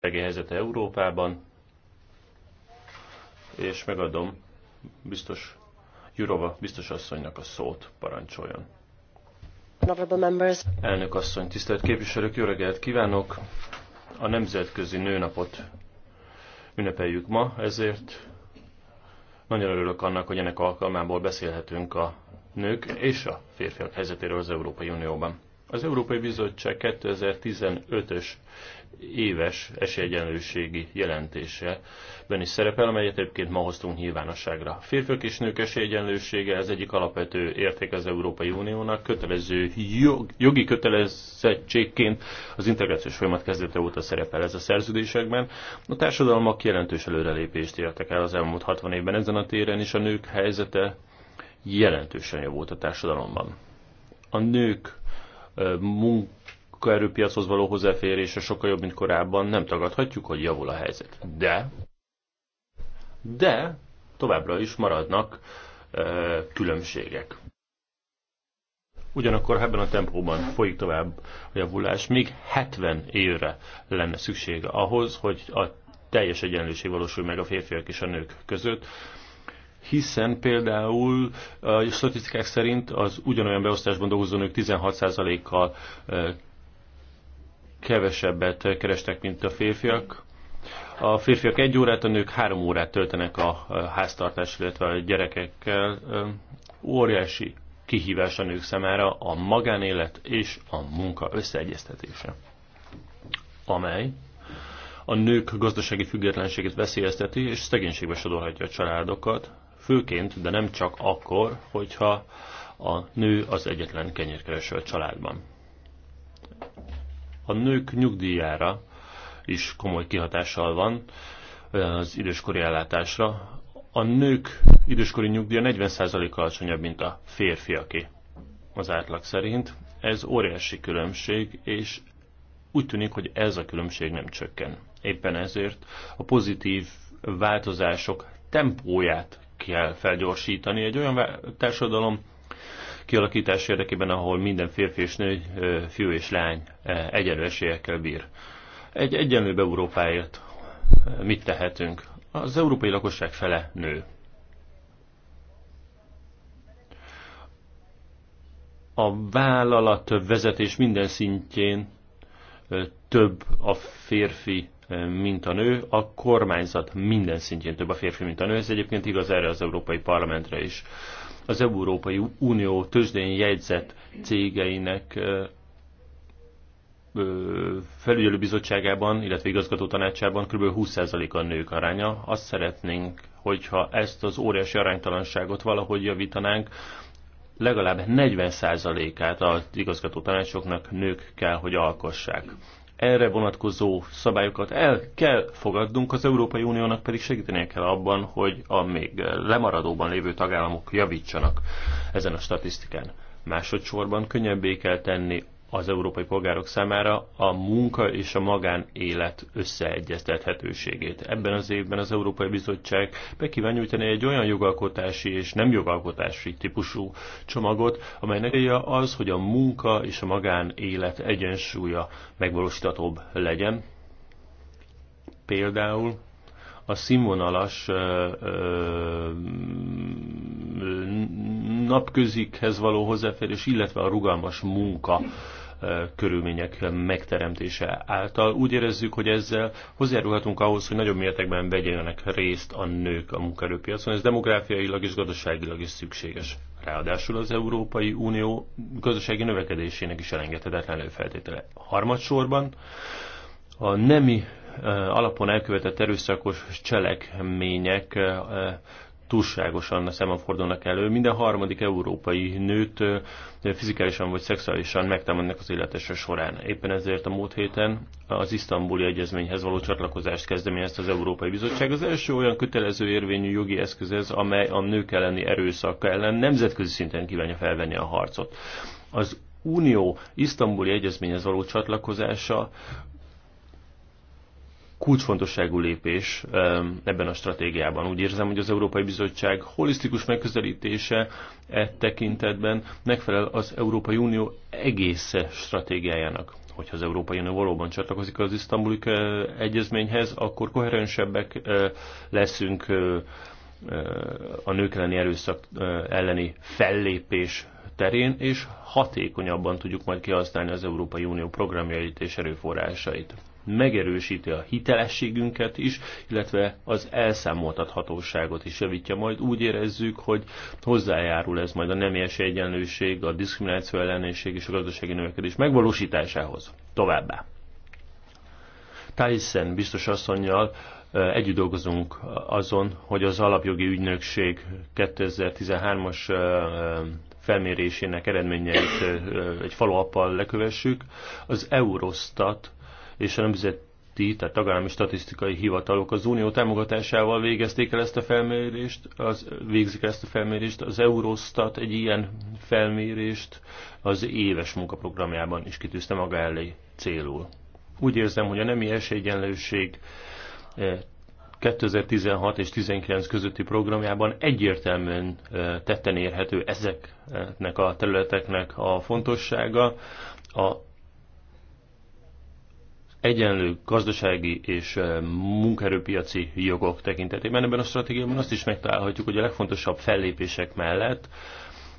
helyzete Európában, és megadom biztos Jurova biztos asszonynak a szót parancsoljon. Elnök asszony, tisztelt képviselők, jó reggelt kívánok! A Nemzetközi Nőnapot ünnepeljük ma, ezért nagyon örülök annak, hogy ennek alkalmából beszélhetünk a nők és a férfiak helyzetéről az Európai Unióban. Az Európai Bizottság 2015-ös éves esélyegyenlőségi jelentéseben is szerepel, amelyet egyébként ma hoztunk nyilvánosságra. Férfiak és nők esélyegyenlősége ez egyik alapvető érték az Európai Uniónak, kötelező jog, jogi kötelezettségként az integrációs folyamat kezdete óta szerepel ez a szerződésekben. A társadalmak jelentős előrelépést értek el az elmúlt 60 évben ezen a téren is a nők helyzete jelentősen javult a társadalomban. A nők munk munkaerőpiachoz való hozzáférése sokkal jobb, mint korábban, nem tagadhatjuk, hogy javul a helyzet. De, de továbbra is maradnak ö, e, különbségek. Ugyanakkor ebben a tempóban folyik tovább a javulás, még 70 évre lenne szükség ahhoz, hogy a teljes egyenlőség valósul meg a férfiak és a nők között, hiszen például a statisztikák szerint az ugyanolyan beosztásban dolgozó nők 16%-kal kevesebbet kerestek, mint a férfiak. A férfiak egy órát, a nők három órát töltenek a háztartás, illetve a gyerekekkel. Óriási kihívás a nők számára a magánélet és a munka összeegyeztetése, amely a nők gazdasági függetlenségét veszélyezteti és szegénységbe sodorhatja a családokat, főként, de nem csak akkor, hogyha a nő az egyetlen kenyérkereső a családban a nők nyugdíjára is komoly kihatással van az időskori ellátásra. A nők időskori nyugdíja 40%-kal alacsonyabb, mint a férfiaké az átlag szerint. Ez óriási különbség, és úgy tűnik, hogy ez a különbség nem csökken. Éppen ezért a pozitív változások tempóját kell felgyorsítani. Egy olyan társadalom kialakítás érdekében, ahol minden férfi és nő, fiú és lány egyenlő esélyekkel bír. Egy egyenlőbb Európáért mit tehetünk? Az európai lakosság fele nő. A vállalat vezetés minden szintjén több a férfi, mint a nő, a kormányzat minden szintjén több a férfi, mint a nő. Ez egyébként igaz erre az Európai Parlamentre is az Európai Unió tőzsdén jegyzett cégeinek felügyelőbizottságában, illetve igazgató tanácsában kb. 20% a nők aránya. Azt szeretnénk, hogyha ezt az óriási aránytalanságot valahogy javítanánk, legalább 40%-át az igazgató tanácsoknak nők kell, hogy alkossák erre vonatkozó szabályokat el kell fogadnunk, az Európai Uniónak pedig segítenie kell abban, hogy a még lemaradóban lévő tagállamok javítsanak ezen a statisztikán. Másodszorban könnyebbé kell tenni az európai polgárok számára a munka és a magánélet összeegyeztethetőségét. Ebben az évben az Európai Bizottság be kíván nyújtani egy olyan jogalkotási és nem jogalkotási típusú csomagot, amelynek célja az, hogy a munka és a magánélet egyensúlya megvalósítatóbb legyen. Például a színvonalas napközikhez való hozzáférés, illetve a rugalmas munka E, körülmények megteremtése által. Úgy érezzük, hogy ezzel hozzájárulhatunk ahhoz, hogy nagyobb mértékben vegyenek részt a nők a munkaerőpiacon. Ez demográfiailag és gazdaságilag is szükséges. Ráadásul az Európai Unió gazdasági növekedésének is elengedhetetlen előfeltétele. Harmadsorban a nemi e, alapon elkövetett erőszakos cselekmények e, túlságosan szemben fordulnak elő. Minden harmadik európai nőt fizikálisan vagy szexuálisan megtámadnak az életese során. Éppen ezért a múlt héten az isztambuli egyezményhez való csatlakozást kezdeményezte az Európai Bizottság. Az első olyan kötelező érvényű jogi eszköz ez, amely a nők elleni erőszak ellen nemzetközi szinten kívánja felvenni a harcot. Az Unió isztambuli egyezményhez való csatlakozása kulcsfontosságú lépés ebben a stratégiában. Úgy érzem, hogy az Európai Bizottság holisztikus megközelítése e tekintetben megfelel az Európai Unió egész stratégiájának. Hogyha az Európai Unió valóban csatlakozik az isztambuli egyezményhez, akkor koherensebbek leszünk a nők elleni erőszak elleni fellépés terén, és hatékonyabban tudjuk majd kihasználni az Európai Unió programjait és erőforrásait megerősíti a hitelességünket is, illetve az elszámoltathatóságot is javítja. Majd úgy érezzük, hogy hozzájárul ez majd a nemies egyenlőség, a diszkrimináció ellenesség és a gazdasági növekedés megvalósításához. Továbbá. Tyson biztos asszonynal együtt dolgozunk azon, hogy az alapjogi ügynökség 2013-as felmérésének eredményeit egy falóappal lekövessük. Az Eurostat és a nemzeti, tehát tagállami statisztikai hivatalok az unió támogatásával végezték el ezt a felmérést, az, végzik ezt a felmérést, az Eurostat egy ilyen felmérést az éves munkaprogramjában is kitűzte maga elé célul. Úgy érzem, hogy a nemi esélyegyenlőség 2016 eh, és 19 közötti programjában egyértelműen eh, tetten érhető ezeknek a területeknek a fontossága. A egyenlő gazdasági és eh, munkaerőpiaci jogok tekintetében. Ebben a stratégiában azt is megtalálhatjuk, hogy a legfontosabb fellépések mellett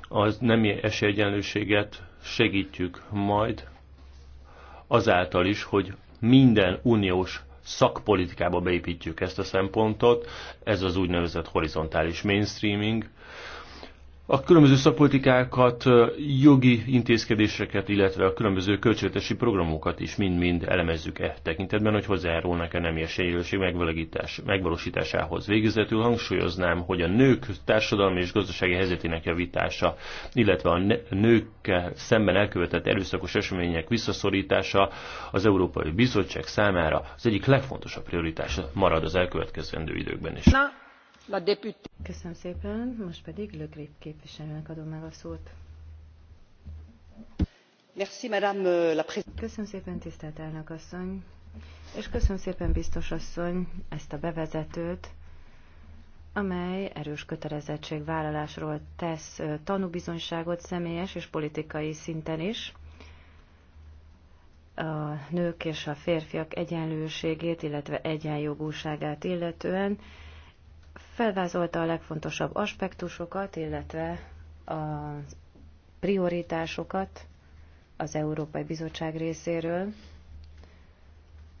az nemi esélyegyenlőséget segítjük majd azáltal is, hogy minden uniós szakpolitikába beépítjük ezt a szempontot, ez az úgynevezett horizontális mainstreaming, a különböző szakpolitikákat, jogi intézkedéseket, illetve a különböző költségvetési programokat is mind-mind elemezzük e tekintetben, hogy hozzájárulnak a nemi esélyegyenlőség megvalósításához. Végezetül hangsúlyoznám, hogy a nők társadalmi és gazdasági helyzetének javítása, illetve a nők szemben elkövetett erőszakos események visszaszorítása az Európai Bizottság számára az egyik legfontosabb prioritása marad az elkövetkezendő időkben is. Na. Köszönöm szépen, most pedig Le Grip képviselőnek adom meg a szót. Merci, Madame euh, la Köszönöm szépen, tisztelt elnök asszony, és köszönöm szépen, biztos asszony, ezt a bevezetőt, amely erős kötelezettségvállalásról tesz tanúbizonyságot személyes és politikai szinten is a nők és a férfiak egyenlőségét, illetve egyenjogúságát illetően, felvázolta a legfontosabb aspektusokat, illetve a prioritásokat az Európai Bizottság részéről,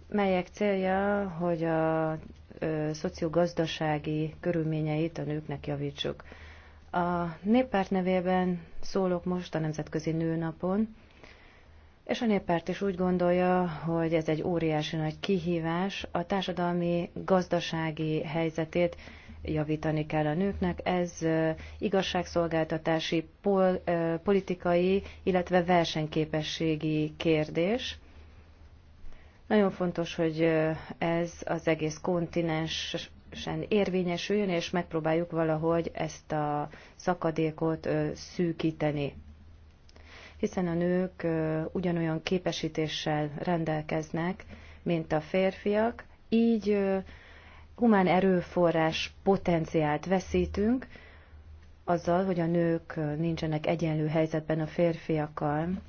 melyek célja, hogy a szociogazdasági körülményeit a nőknek javítsuk. A néppárt nevében szólok most a Nemzetközi Nőnapon, és a néppárt is úgy gondolja, hogy ez egy óriási nagy kihívás. A társadalmi, gazdasági helyzetét javítani kell a nőknek. Ez igazságszolgáltatási, pol, politikai, illetve versenyképességi kérdés. Nagyon fontos, hogy ez az egész kontinensen érvényesüljön, és megpróbáljuk valahogy ezt a szakadékot szűkíteni hiszen a nők ugyanolyan képesítéssel rendelkeznek, mint a férfiak, így humán erőforrás potenciált veszítünk, azzal, hogy a nők nincsenek egyenlő helyzetben a férfiakkal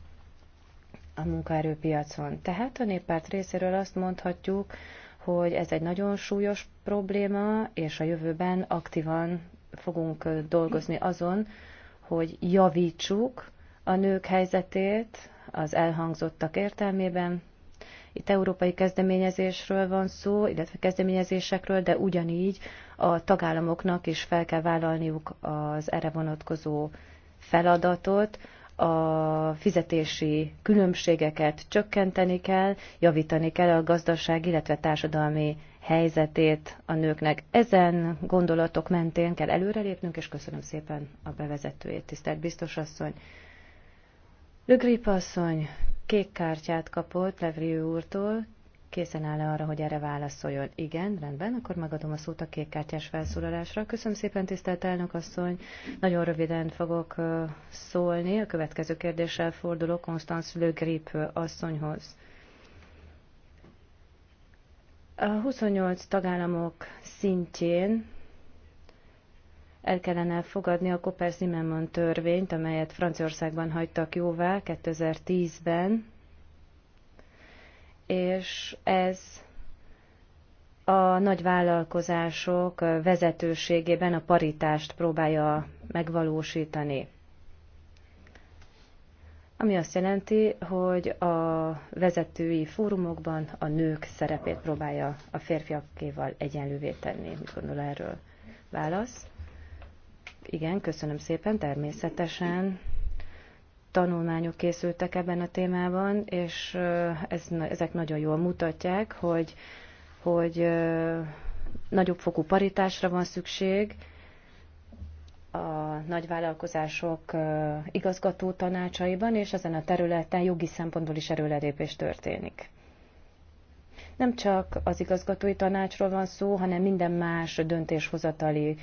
a munkaerőpiacon. Tehát a néppárt részéről azt mondhatjuk, hogy ez egy nagyon súlyos probléma, és a jövőben aktívan fogunk dolgozni azon, hogy javítsuk a nők helyzetét az elhangzottak értelmében. Itt európai kezdeményezésről van szó, illetve kezdeményezésekről, de ugyanígy a tagállamoknak is fel kell vállalniuk az erre vonatkozó feladatot, a fizetési különbségeket csökkenteni kell, javítani kell a gazdaság, illetve társadalmi helyzetét a nőknek. Ezen gondolatok mentén kell előrelépnünk, és köszönöm szépen a bevezetőjét, tisztelt biztos asszony. Lögrip asszony kék kártyát kapott Levriő úrtól. Készen áll-e arra, hogy erre válaszoljon? Igen, rendben, akkor megadom a szót a kékkártyás felszólalásra. Köszönöm szépen, tisztelt elnök asszony. Nagyon röviden fogok szólni. A következő kérdéssel fordulok Konstanz Le Grip asszonyhoz. A 28 tagállamok szintjén el kellene fogadni a Koper Zimmermann törvényt, amelyet Franciaországban hagytak jóvá 2010-ben, és ez a nagy vállalkozások vezetőségében a paritást próbálja megvalósítani. Ami azt jelenti, hogy a vezetői fórumokban a nők szerepét próbálja a férfiakéval egyenlővé tenni. Mit gondol erről? Válasz. Igen, köszönöm szépen, természetesen tanulmányok készültek ebben a témában, és ez, ezek nagyon jól mutatják, hogy, hogy nagyobb fokú paritásra van szükség, a nagyvállalkozások igazgató tanácsaiban, és ezen a területen jogi szempontból is erőledépés történik. Nem csak az igazgatói tanácsról van szó, hanem minden más döntéshozatali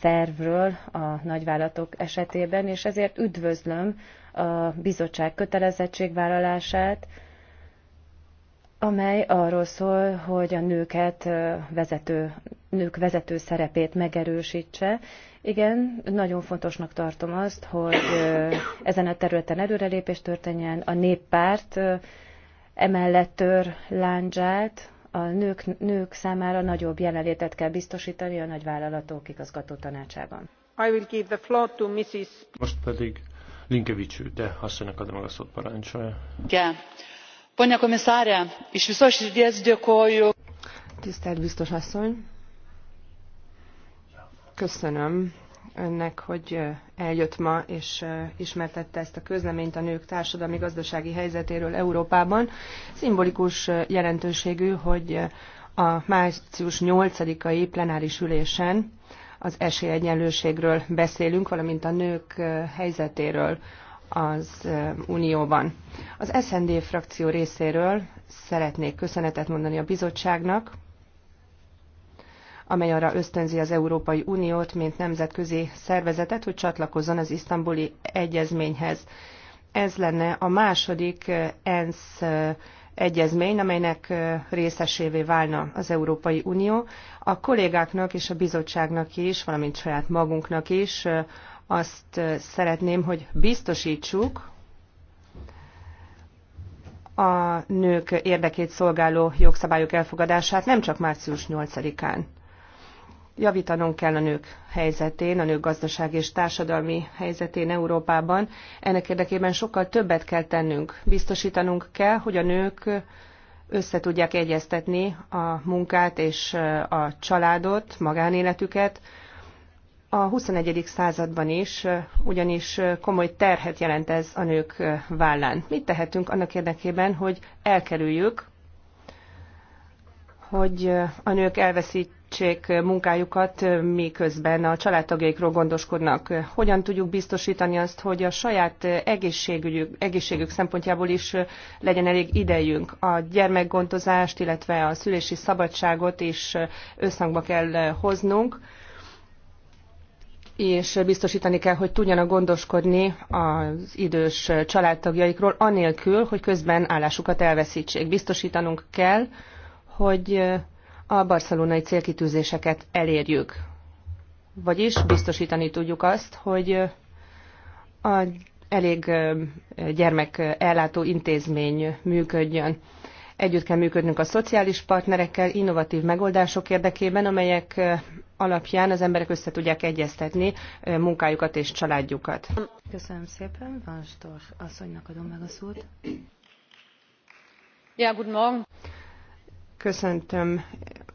szervről a nagyvállalatok esetében, és ezért üdvözlöm a bizottság kötelezettségvállalását, amely arról szól, hogy a nőket vezető, nők vezető szerepét megerősítse. Igen, nagyon fontosnak tartom azt, hogy ezen a területen előrelépés történjen. A néppárt emellett tör láncsát, a nők, nők számára nagyobb jelenlétet kell biztosítani a nagyvállalatok igazgató tanácsában. I will give the floor to Mrs. Most pedig Linkevics, de asszonynak adom meg a szót parancsolja. Igen. Ponia komisárja, és viszont szirdies dökoljú. Tisztelt biztos asszony, köszönöm önnek, hogy eljött ma és ismertette ezt a közleményt a nők társadalmi gazdasági helyzetéről Európában. Szimbolikus jelentőségű, hogy a március 8-ai plenáris ülésen az esélyegyenlőségről beszélünk, valamint a nők helyzetéről az Unióban. Az SND frakció részéről szeretnék köszönetet mondani a bizottságnak, amely arra ösztönzi az Európai Uniót, mint nemzetközi szervezetet, hogy csatlakozzon az isztambuli egyezményhez. Ez lenne a második eh, ENSZ eh, egyezmény, amelynek eh, részesévé válna az Európai Unió. A kollégáknak és a bizottságnak is, valamint saját magunknak is azt szeretném, hogy biztosítsuk, a nők érdekét szolgáló jogszabályok elfogadását nem csak március 8-án. Javítanunk kell a nők helyzetén, a nők gazdasági és társadalmi helyzetén Európában. Ennek érdekében sokkal többet kell tennünk. Biztosítanunk kell, hogy a nők össze tudják egyeztetni a munkát és a családot, magánéletüket, a 21. században is, ugyanis komoly terhet jelent ez a nők vállán. Mit tehetünk annak érdekében, hogy elkerüljük, hogy a nők elveszít, segítsék munkájukat, miközben a családtagjaikról gondoskodnak. Hogyan tudjuk biztosítani azt, hogy a saját egészségügyük, egészségük szempontjából is legyen elég idejünk. A gyermekgondozást, illetve a szülési szabadságot is összhangba kell hoznunk és biztosítani kell, hogy tudjanak gondoskodni az idős családtagjaikról, anélkül, hogy közben állásukat elveszítsék. Biztosítanunk kell, hogy a barcelonai célkitűzéseket elérjük. Vagyis biztosítani tudjuk azt, hogy a elég gyermek ellátó intézmény működjön. Együtt kell működnünk a szociális partnerekkel, innovatív megoldások érdekében, amelyek alapján az emberek össze tudják egyeztetni munkájukat és családjukat. Köszönöm szépen, Van asszonynak adom meg a szót. Ja, guten Morgen. Köszöntöm,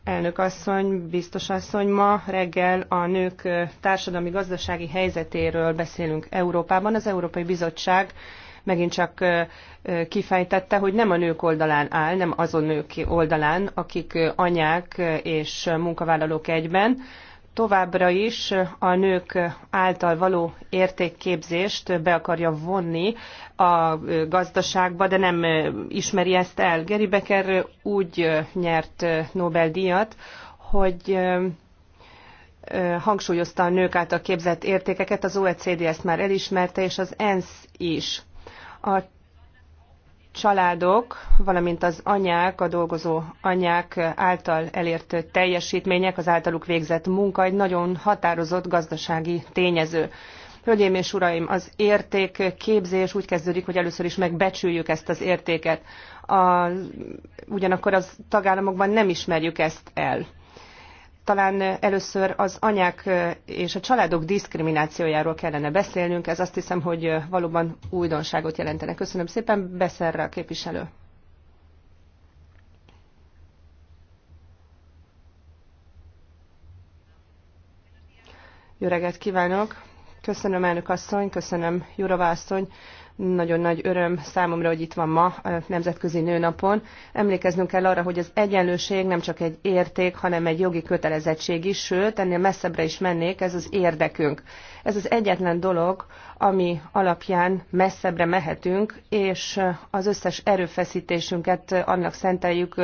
elnök asszony, biztos asszony. Ma reggel a nők társadalmi-gazdasági helyzetéről beszélünk Európában. Az Európai Bizottság megint csak kifejtette, hogy nem a nők oldalán áll, nem azon nők oldalán, akik anyák és munkavállalók egyben, továbbra is a nők által való értékképzést be akarja vonni a gazdaságba, de nem ismeri ezt el. Geri Becker úgy nyert Nobel-díjat, hogy hangsúlyozta a nők által képzett értékeket, az OECD ezt már elismerte, és az ENSZ is. A családok, valamint az anyák, a dolgozó anyák által elért teljesítmények, az általuk végzett munka egy nagyon határozott gazdasági tényező. Hölgyeim és uraim, az érték képzés úgy kezdődik, hogy először is megbecsüljük ezt az értéket. A, ugyanakkor az tagállamokban nem ismerjük ezt el talán először az anyák és a családok diszkriminációjáról kellene beszélnünk. Ez azt hiszem, hogy valóban újdonságot jelentene. Köszönöm szépen. Beszerre a képviselő. Jó reggelt kívánok! Köszönöm elnök asszony, köszönöm Jurova asszony. Nagyon nagy öröm számomra, hogy itt van ma a Nemzetközi Nőnapon. Emlékeznünk kell arra, hogy az egyenlőség nem csak egy érték, hanem egy jogi kötelezettség is, sőt, ennél messzebbre is mennék, ez az érdekünk. Ez az egyetlen dolog, ami alapján messzebbre mehetünk, és az összes erőfeszítésünket annak szenteljük,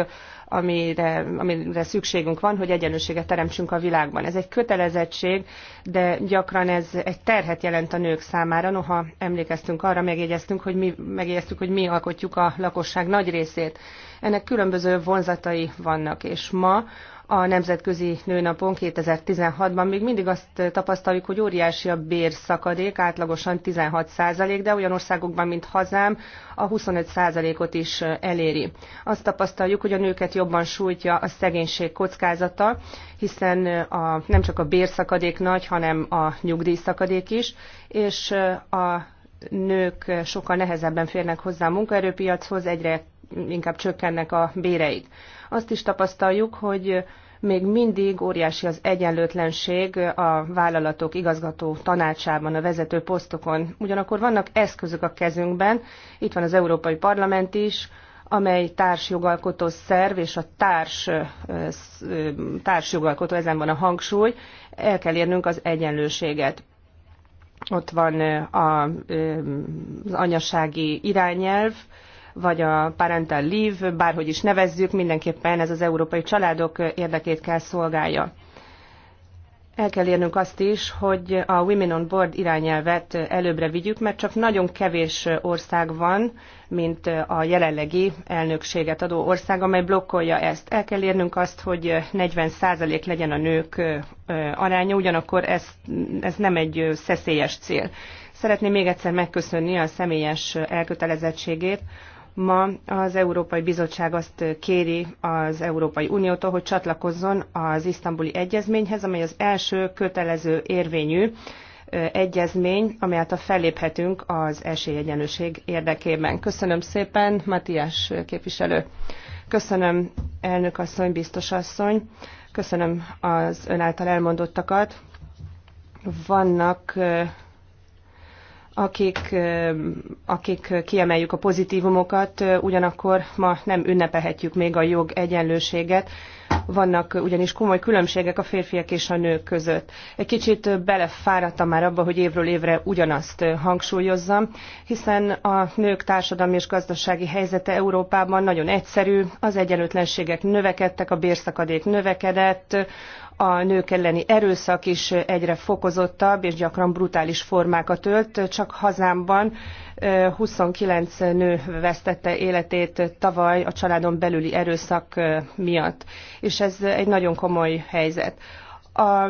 amire, amire szükségünk van, hogy egyenlőséget teremtsünk a világban. Ez egy kötelezettség, de gyakran ez egy terhet jelent a nők számára. Noha emlékeztünk arra, megjegyeztünk, hogy mi, megjegyeztük, hogy mi alkotjuk a lakosság nagy részét. Ennek különböző vonzatai vannak, és ma a Nemzetközi Nőnapon 2016-ban még mindig azt tapasztaljuk, hogy óriási a bérszakadék, átlagosan 16 százalék, de olyan országokban, mint hazám, a 25 százalékot is eléri. Azt tapasztaljuk, hogy a nőket jobban sújtja a szegénység kockázata, hiszen a, nem csak a bérszakadék nagy, hanem a nyugdíjszakadék is, és a nők sokkal nehezebben férnek hozzá a munkaerőpiachoz, egyre inkább csökkennek a béreik. Azt is tapasztaljuk, hogy még mindig óriási az egyenlőtlenség a vállalatok igazgató tanácsában, a vezető posztokon. Ugyanakkor vannak eszközök a kezünkben, itt van az Európai Parlament is, amely társjogalkotó szerv és a társ, társjogalkotó, ezen van a hangsúly, el kell érnünk az egyenlőséget. Ott van a, az anyasági irányelv, vagy a parental leave, bárhogy is nevezzük, mindenképpen ez az európai családok érdekét kell szolgálja. El kell érnünk azt is, hogy a Women on Board irányelvet előbbre vigyük, mert csak nagyon kevés ország van, mint a jelenlegi elnökséget adó ország, amely blokkolja ezt. El kell érnünk azt, hogy 40% legyen a nők aránya, ugyanakkor ez, ez nem egy szeszélyes cél. Szeretném még egyszer megköszönni a személyes elkötelezettségét, Ma az Európai Bizottság azt kéri az Európai Uniótól, hogy csatlakozzon az isztambuli egyezményhez, amely az első kötelező érvényű egyezmény, amelyet a felléphetünk az esélyegyenlőség érdekében. Köszönöm szépen, Matthias képviselő. Köszönöm, elnök asszony, biztos asszony. Köszönöm az ön által elmondottakat. Vannak akik, akik kiemeljük a pozitívumokat, ugyanakkor ma nem ünnepelhetjük még a jog egyenlőséget, vannak ugyanis komoly különbségek a férfiak és a nők között. Egy kicsit belefáradtam már abba, hogy évről évre ugyanazt hangsúlyozzam, hiszen a nők társadalmi és gazdasági helyzete Európában nagyon egyszerű, az egyenlőtlenségek növekedtek, a bérszakadék növekedett, a nők elleni erőszak is egyre fokozottabb és gyakran brutális formákat ölt. Csak hazámban 29 nő vesztette életét tavaly a családon belüli erőszak miatt, és ez egy nagyon komoly helyzet a,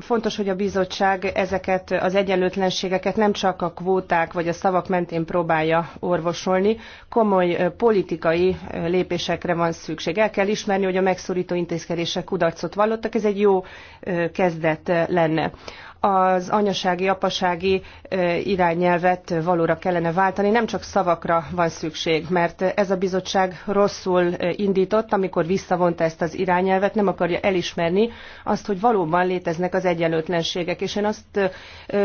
fontos, hogy a bizottság ezeket az egyenlőtlenségeket nem csak a kvóták vagy a szavak mentén próbálja orvosolni, komoly politikai lépésekre van szükség. El kell ismerni, hogy a megszorító intézkedések kudarcot vallottak, ez egy jó kezdet lenne az anyasági, apasági irányelvet valóra kellene váltani. Nem csak szavakra van szükség, mert ez a bizottság rosszul indított, amikor visszavonta ezt az irányelvet, nem akarja elismerni azt, hogy valóban léteznek az egyenlőtlenségek. És én azt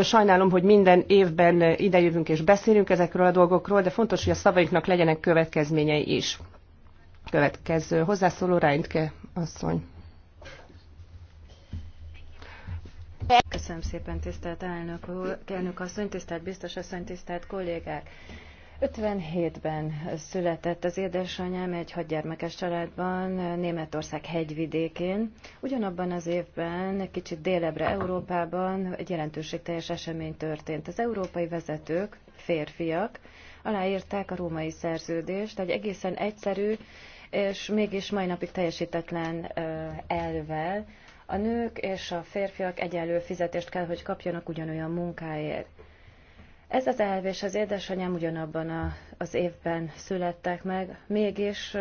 sajnálom, hogy minden évben idejövünk és beszélünk ezekről a dolgokról, de fontos, hogy a szavainknak legyenek következményei is. Következő hozzászóló Reintke asszony. Köszönöm szépen, tisztelt elnök, elnök asszony, tisztelt biztos asszony, tisztelt kollégák. 57-ben született az édesanyám egy hadgyermekes családban Németország hegyvidékén. Ugyanabban az évben, kicsit délebre Európában egy jelentőségteljes esemény történt. Az európai vezetők, férfiak, aláírták a római szerződést, egy egészen egyszerű és mégis mai napig teljesítetlen elvel, a nők és a férfiak egyenlő fizetést kell, hogy kapjanak ugyanolyan munkáért. Ez az elv és az édesanyám ugyanabban a, az évben születtek meg, mégis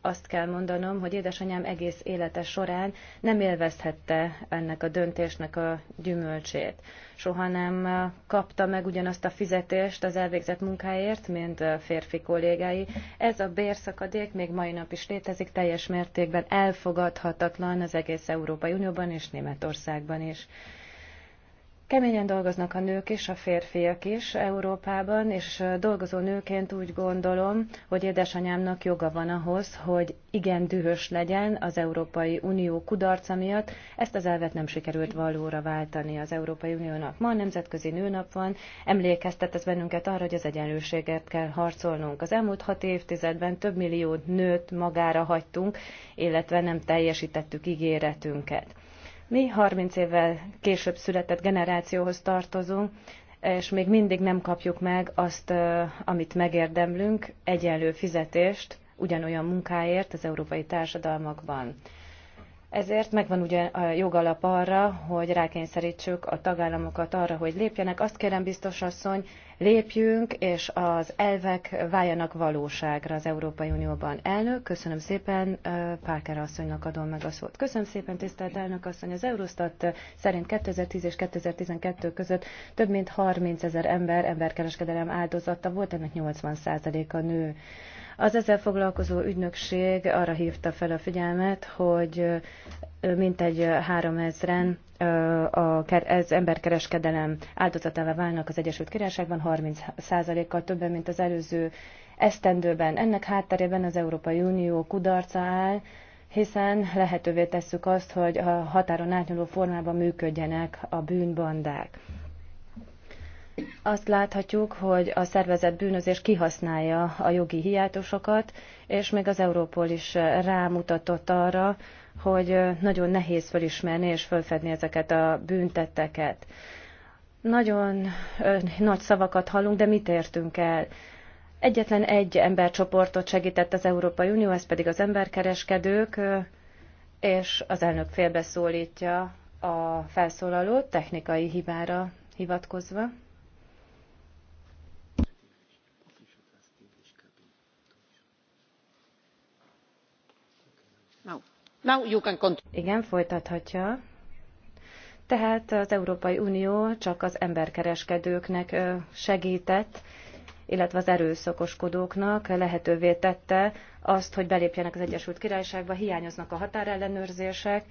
azt kell mondanom, hogy édesanyám egész élete során nem élvezhette ennek a döntésnek a gyümölcsét. Soha nem kapta meg ugyanazt a fizetést az elvégzett munkáért, mint a férfi kollégái. Ez a bérszakadék még mai nap is létezik, teljes mértékben elfogadhatatlan az egész Európai Unióban és Németországban is. Keményen dolgoznak a nők és a férfiak is Európában, és dolgozó nőként úgy gondolom, hogy édesanyámnak joga van ahhoz, hogy igen dühös legyen az Európai Unió kudarca miatt. Ezt az elvet nem sikerült valóra váltani az Európai Uniónak. Ma a Nemzetközi Nőnap van, emlékeztet ez bennünket arra, hogy az egyenlőséget kell harcolnunk. Az elmúlt hat évtizedben több millió nőt magára hagytunk, illetve nem teljesítettük ígéretünket. Mi 30 évvel később született generációhoz tartozunk, és még mindig nem kapjuk meg azt, amit megérdemlünk, egyenlő fizetést ugyanolyan munkáért az európai társadalmakban. Ezért megvan ugye a jogalap arra, hogy rákényszerítsük a tagállamokat arra, hogy lépjenek. Azt kérem, biztos asszony, lépjünk, és az elvek váljanak valóságra az Európai Unióban. Elnök, köszönöm szépen, Parker asszonynak adom meg a szót. Köszönöm szépen, tisztelt elnök asszony. Az Eurostat szerint 2010 és 2012 között több mint 30 ezer ember emberkereskedelem áldozata volt, ennek 80%-a nő. Az ezzel foglalkozó ügynökség arra hívta fel a figyelmet, hogy mintegy 3000-en az emberkereskedelem áldozatává válnak az Egyesült Királyságban 30%-kal többen, mint az előző esztendőben. Ennek hátterében az Európai Unió kudarca áll, hiszen lehetővé tesszük azt, hogy a határon átnyúló formában működjenek a bűnbandák. Azt láthatjuk, hogy a szervezet bűnözés kihasználja a jogi hiátusokat, és még az Európol is rámutatott arra, hogy nagyon nehéz felismerni és felfedni ezeket a bűntetteket. Nagyon nagy szavakat hallunk, de mit értünk el? Egyetlen egy embercsoportot segített az Európai Unió, ez pedig az emberkereskedők, és az elnök félbeszólítja a felszólalót technikai hibára hivatkozva. Igen, folytathatja. Tehát az Európai Unió csak az emberkereskedőknek segített, illetve az erőszakoskodóknak lehetővé tette azt, hogy belépjenek az Egyesült Királyságba, hiányoznak a határellenőrzések,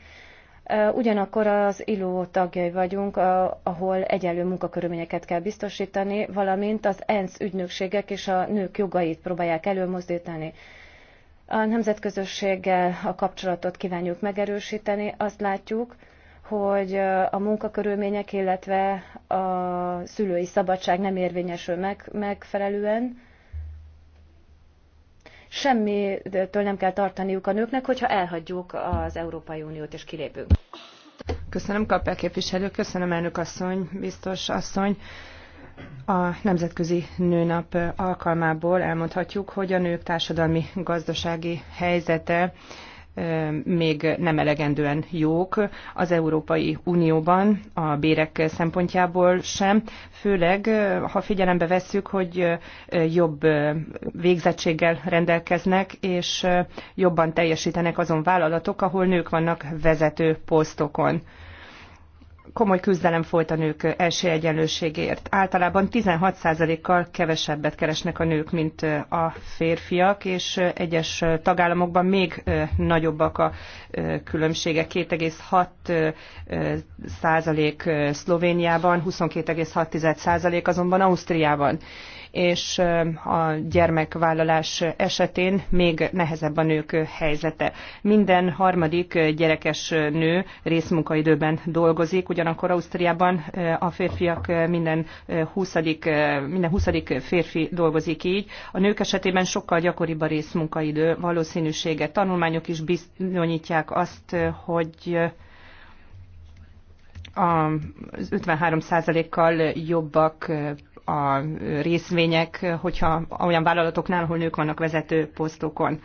Ugyanakkor az ILO tagjai vagyunk, ahol egyenlő munkakörülményeket kell biztosítani, valamint az ENSZ ügynökségek és a nők jogait próbálják előmozdítani. A nemzetközösséggel a kapcsolatot kívánjuk megerősíteni. Azt látjuk, hogy a munkakörülmények, illetve a szülői szabadság nem érvényesül meg, megfelelően. Semmitől nem kell tartaniuk a nőknek, hogyha elhagyjuk az Európai Uniót és kilépünk. Köszönöm, Kapel képviselő, köszönöm, elnök asszony, biztos asszony. A Nemzetközi Nőnap alkalmából elmondhatjuk, hogy a nők társadalmi gazdasági helyzete még nem elegendően jók az Európai Unióban a bérek szempontjából sem, főleg ha figyelembe vesszük, hogy jobb végzettséggel rendelkeznek, és jobban teljesítenek azon vállalatok, ahol nők vannak vezető posztokon komoly küzdelem folyt a nők esélyegyenlőségért. Általában 16%-kal kevesebbet keresnek a nők, mint a férfiak, és egyes tagállamokban még nagyobbak a különbségek. 2,6% Szlovéniában, 22,6% azonban Ausztriában és a gyermekvállalás esetén még nehezebb a nők helyzete. Minden harmadik gyerekes nő részmunkaidőben dolgozik, ugyanakkor Ausztriában a férfiak minden 20. minden 20. férfi dolgozik így. A nők esetében sokkal gyakoribb a részmunkaidő valószínűsége. Tanulmányok is bizonyítják azt, hogy az 53%-kal jobbak a részvények, hogyha olyan vállalatoknál, ahol nők vannak vezető posztokon.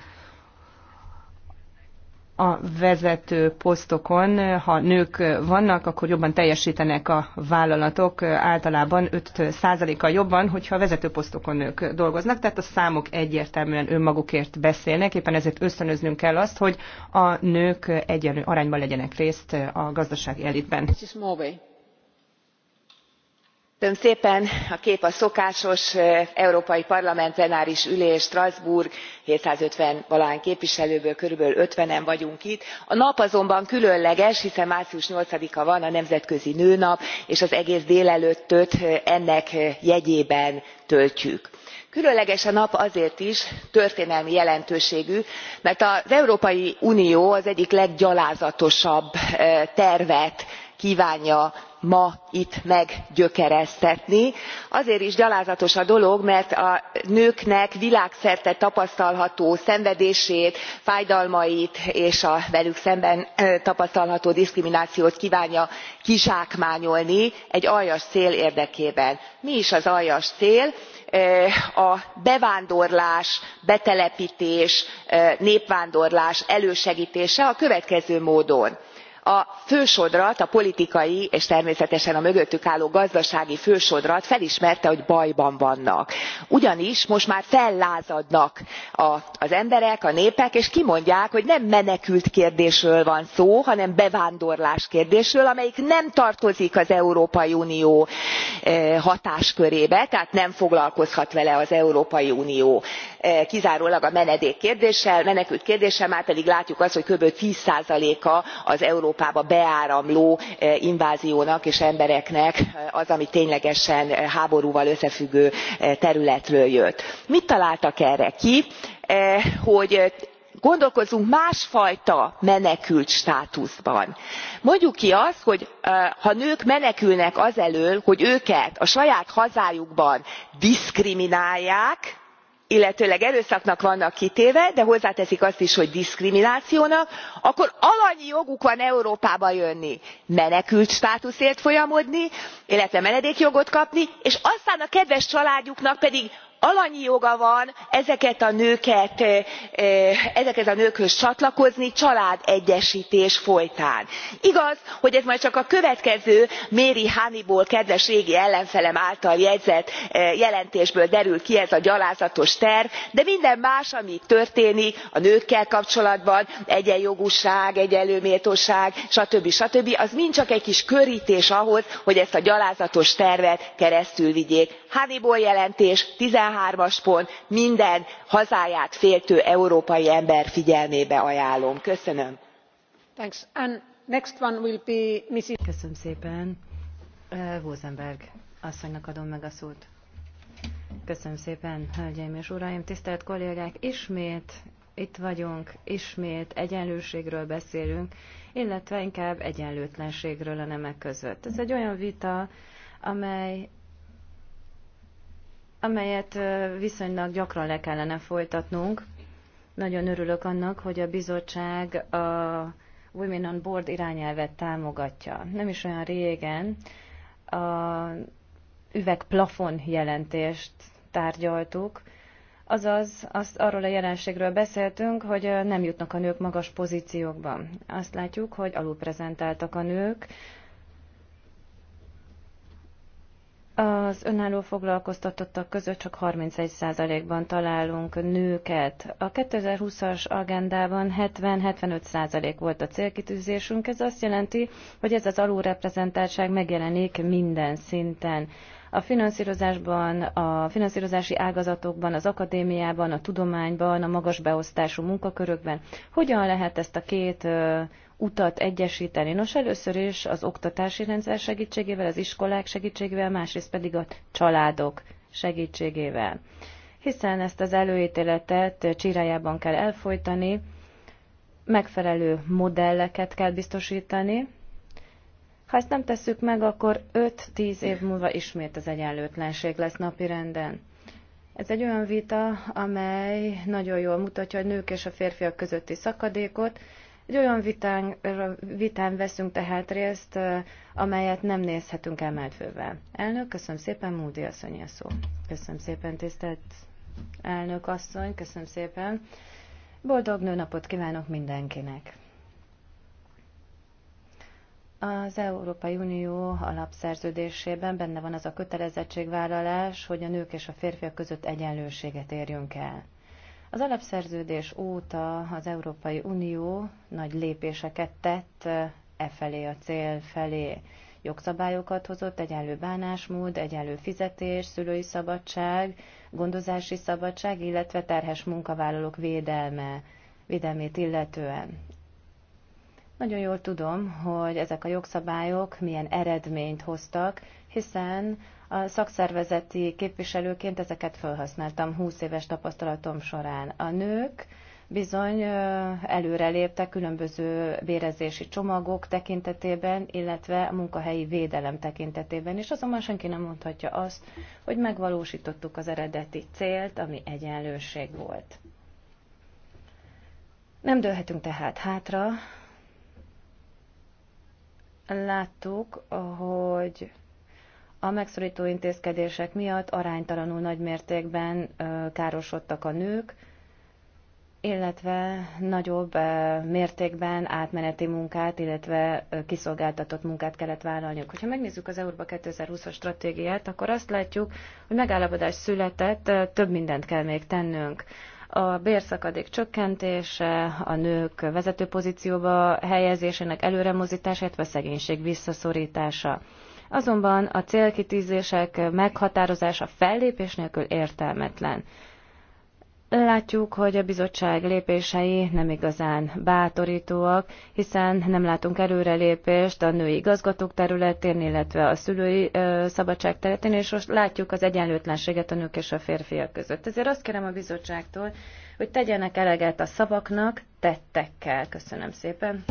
A vezető posztokon, ha nők vannak, akkor jobban teljesítenek a vállalatok, általában 5%-kal jobban, hogyha a vezető posztokon nők dolgoznak, tehát a számok egyértelműen önmagukért beszélnek, éppen ezért ösztönöznünk kell azt, hogy a nők egyenlő arányban legyenek részt a gazdasági elitben a kép a szokásos európai parlament plenáris ülés strasbourg seven hundred and fifty valahány képviselőből körülbelül ötvenen vagyunk itt a nap azonban különleges hiszen március eight a van a nemzetközi nőnap és az egész délelőttöt ennek jegyében töltjük. különleges a nap azért is történelmi jelentőségű mert az európai unió az egyik leggyalázatosabb tervet kvánja ma itt meggyökeresztetni. azért is gyalázatos a dolog mert a nőknek világszerte tapasztalható szenvedését fájdalmait és a velük szemben tapasztalható diszkriminációt kvánja kizsákmányolni egy aljas cél érdekében. mi is az aljas cél? a bevándorlás beteleptés népvándorlás elősegtése a következő módon a fősodrat a politikai és természetesen a mögöttük álló gazdasági fősodrat felismerte hogy bajban vannak ugyanis most már fellázadnak az emberek a népek és kimondják hogy nem menekültkérdésről van szó hanem bevándorlás amelyik nem tartozik az európai unió eh, hatáskörébe tehát nem foglalkozhat vele az európai unió eh, kizárólag a menedékkérdéssel menekültkérdéssel márpedig látjuk azt hogy körülbelül ten a az európába beáramló eh, inváziónak és embereknek eh, az ami ténylegesen eh, háborúval összefüggő területről jött. mit találtak erre ki? hogy gondolkozzunk másfajta menekültstátuszban. mondjuk ki azt hogy ha nők menekülnek az elől hogy őket a saját hazájukban diszkriminálják illetőleg erőszaknak vannak kitéve de hozzáteszik azt is hogy diszkriminációnak akkor alanyi joguk van európába jönni menekültstátuszért folyamodni illetve menedékjogot kapni és aztán a kedves családjuknak pedig alanyi joga van ezekhez a nőkhöz csatlakozni családegyestés folytán. igaz hogy ez majd csak a következő mary honeyból kedves régi ellenfelem által jegyzett jelentésből derül ki ez a gyalázatos terv de minden más ami történik a nőkkel kapcsolatban egyenjogúság egyenlő méltóság stb. stb. az mind csak egy kis körtés ahhoz hogy ezt a gyalázatos tervet keresztülvigyék. honeyból jelentés thirteen twenty three as pont minden hazáját féltő európai ember figyelmébe ajánlom. köszönöm. köszönöm szépen. adom meg a szót. Köszönöm szépen, tisztelt kollégák! Ismét itt vagyunk, ismét egyenlőségről beszélünk, illetve inkább egyenlőtlenségről a nemek között. Ez egy olyan vita, amely amelyet viszonylag gyakran le kellene folytatnunk. Nagyon örülök annak, hogy a bizottság a Women on Board irányelvet támogatja. Nem is olyan régen a üvegplafon jelentést tárgyaltuk, Azaz, azt arról a jelenségről beszéltünk, hogy nem jutnak a nők magas pozíciókba. Azt látjuk, hogy alulprezentáltak a nők, Az önálló foglalkoztatottak között csak 31%-ban találunk nőket. A 2020-as agendában 70-75% volt a célkitűzésünk. Ez azt jelenti, hogy ez az alulreprezentáltság megjelenik minden szinten. A finanszírozásban, a finanszírozási ágazatokban, az akadémiában, a tudományban, a magas beosztású munkakörökben. Hogyan lehet ezt a két utat egyesíteni. Nos, először is az oktatási rendszer segítségével, az iskolák segítségével, másrészt pedig a családok segítségével. Hiszen ezt az előítéletet csirájában kell elfolytani, megfelelő modelleket kell biztosítani. Ha ezt nem tesszük meg, akkor 5-10 év múlva ismét az egyenlőtlenség lesz napi renden. Ez egy olyan vita, amely nagyon jól mutatja a nők és a férfiak közötti szakadékot, egy olyan vitán, vitán veszünk tehát részt, amelyet nem nézhetünk el fővel. Elnök, köszönöm szépen, Múdi asszony a szó. Köszönöm szépen, tisztelt elnök asszony, köszönöm szépen. Boldog nőnapot kívánok mindenkinek! Az Európai Unió alapszerződésében benne van az a kötelezettségvállalás, hogy a nők és a férfiak között egyenlőséget érjünk el. Az alapszerződés óta az Európai Unió nagy lépéseket tett e felé a cél felé. Jogszabályokat hozott, egyenlő bánásmód, egyenlő fizetés, szülői szabadság, gondozási szabadság, illetve terhes munkavállalók védelme, védelmét illetően. Nagyon jól tudom, hogy ezek a jogszabályok milyen eredményt hoztak, hiszen a szakszervezeti képviselőként ezeket felhasználtam 20 éves tapasztalatom során. A nők bizony előreléptek különböző bérezési csomagok tekintetében, illetve a munkahelyi védelem tekintetében is, azonban senki nem mondhatja azt, hogy megvalósítottuk az eredeti célt, ami egyenlőség volt. Nem dőlhetünk tehát hátra. Láttuk, hogy a megszorító intézkedések miatt aránytalanul mértékben károsodtak a nők, illetve nagyobb mértékben átmeneti munkát, illetve kiszolgáltatott munkát kellett vállalniuk. Ha megnézzük az Európa 2020-as stratégiát, akkor azt látjuk, hogy megállapodás született, több mindent kell még tennünk. A bérszakadék csökkentése, a nők vezető pozícióba helyezésének előremozítása, illetve a szegénység visszaszorítása azonban a célkitűzések meghatározása fellépés nélkül értelmetlen. Látjuk, hogy a bizottság lépései nem igazán bátorítóak, hiszen nem látunk előrelépést a női igazgatók területén, illetve a szülői ö, szabadság területén, és most látjuk az egyenlőtlenséget a nők és a férfiak között. Ezért azt kérem a bizottságtól, hogy tegyenek eleget a szavaknak tettekkel. Köszönöm szépen.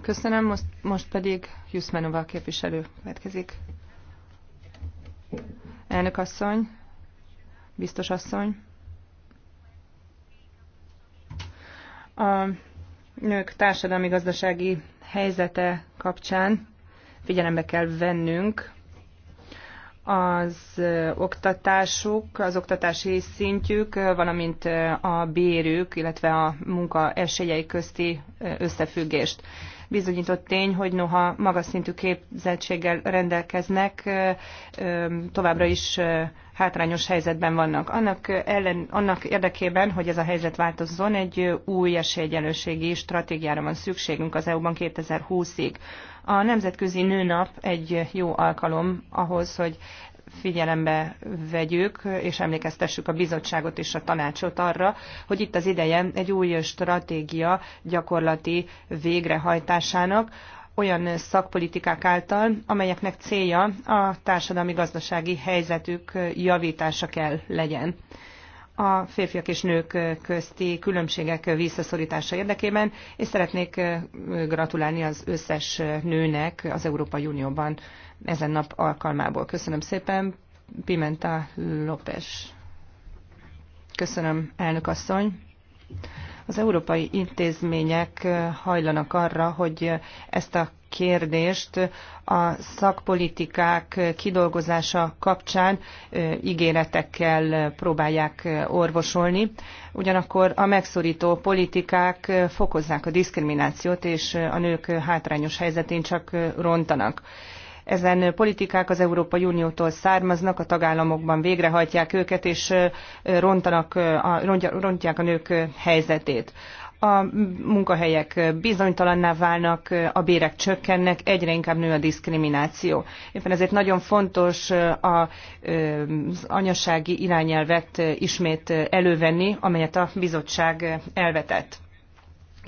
Köszönöm, most, pedig Jusmenova képviselő következik. Elnök asszony, biztos asszony. A nők társadalmi-gazdasági helyzete kapcsán figyelembe kell vennünk az oktatásuk, az oktatási szintjük, valamint a bérük, illetve a munka esélyei közti összefüggést bizonyított tény, hogy noha magas szintű képzettséggel rendelkeznek, továbbra is hátrányos helyzetben vannak. Annak, ellen, annak érdekében, hogy ez a helyzet változzon, egy új esélyegyenlőségi stratégiára van szükségünk az EU-ban 2020-ig. A Nemzetközi Nőnap egy jó alkalom ahhoz, hogy figyelembe vegyük, és emlékeztessük a bizottságot és a tanácsot arra, hogy itt az ideje egy új stratégia gyakorlati végrehajtásának, olyan szakpolitikák által, amelyeknek célja a társadalmi-gazdasági helyzetük javítása kell legyen a férfiak és nők közti különbségek visszaszorítása érdekében, és szeretnék gratulálni az összes nőnek az Európai Unióban ezen nap alkalmából. Köszönöm szépen, Pimenta López. Köszönöm, elnök asszony. Az európai intézmények hajlanak arra, hogy ezt a kérdést a szakpolitikák kidolgozása kapcsán ígéretekkel próbálják orvosolni. Ugyanakkor a megszorító politikák fokozzák a diszkriminációt, és a nők hátrányos helyzetén csak rontanak. Ezen politikák az Európai Uniótól származnak, a tagállamokban végrehajtják őket, és rontanak, rontják a nők helyzetét a munkahelyek bizonytalanná válnak, a bérek csökkennek, egyre inkább nő a diszkrimináció. Éppen ezért nagyon fontos az anyasági irányelvet ismét elővenni, amelyet a bizottság elvetett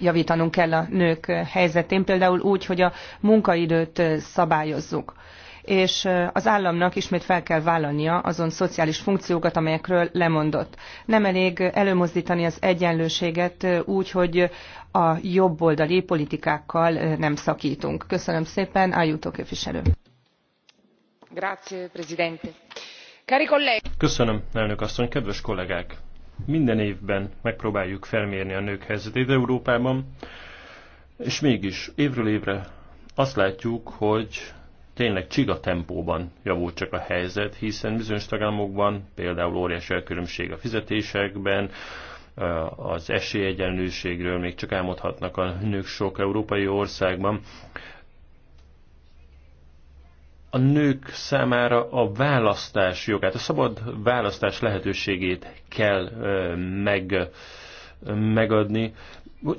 javítanunk kell a nők helyzetén, például úgy, hogy a munkaidőt szabályozzuk és az államnak ismét fel kell vállalnia azon szociális funkciókat, amelyekről lemondott. Nem elég előmozdítani az egyenlőséget úgy, hogy a jobboldali politikákkal nem szakítunk. Köszönöm szépen, Ájutó képviselő. Grazie, Presidente. Köszönöm, elnök asszony, kedves kollégák! Minden évben megpróbáljuk felmérni a nők helyzetét Európában, és mégis évről évre azt látjuk, hogy tényleg csiga tempóban javult csak a helyzet, hiszen bizonyos tagállamokban például óriási elkülönbség a fizetésekben, az esélyegyenlőségről még csak álmodhatnak a nők sok európai országban a nők számára a választás jogát, a szabad választás lehetőségét kell meg, megadni.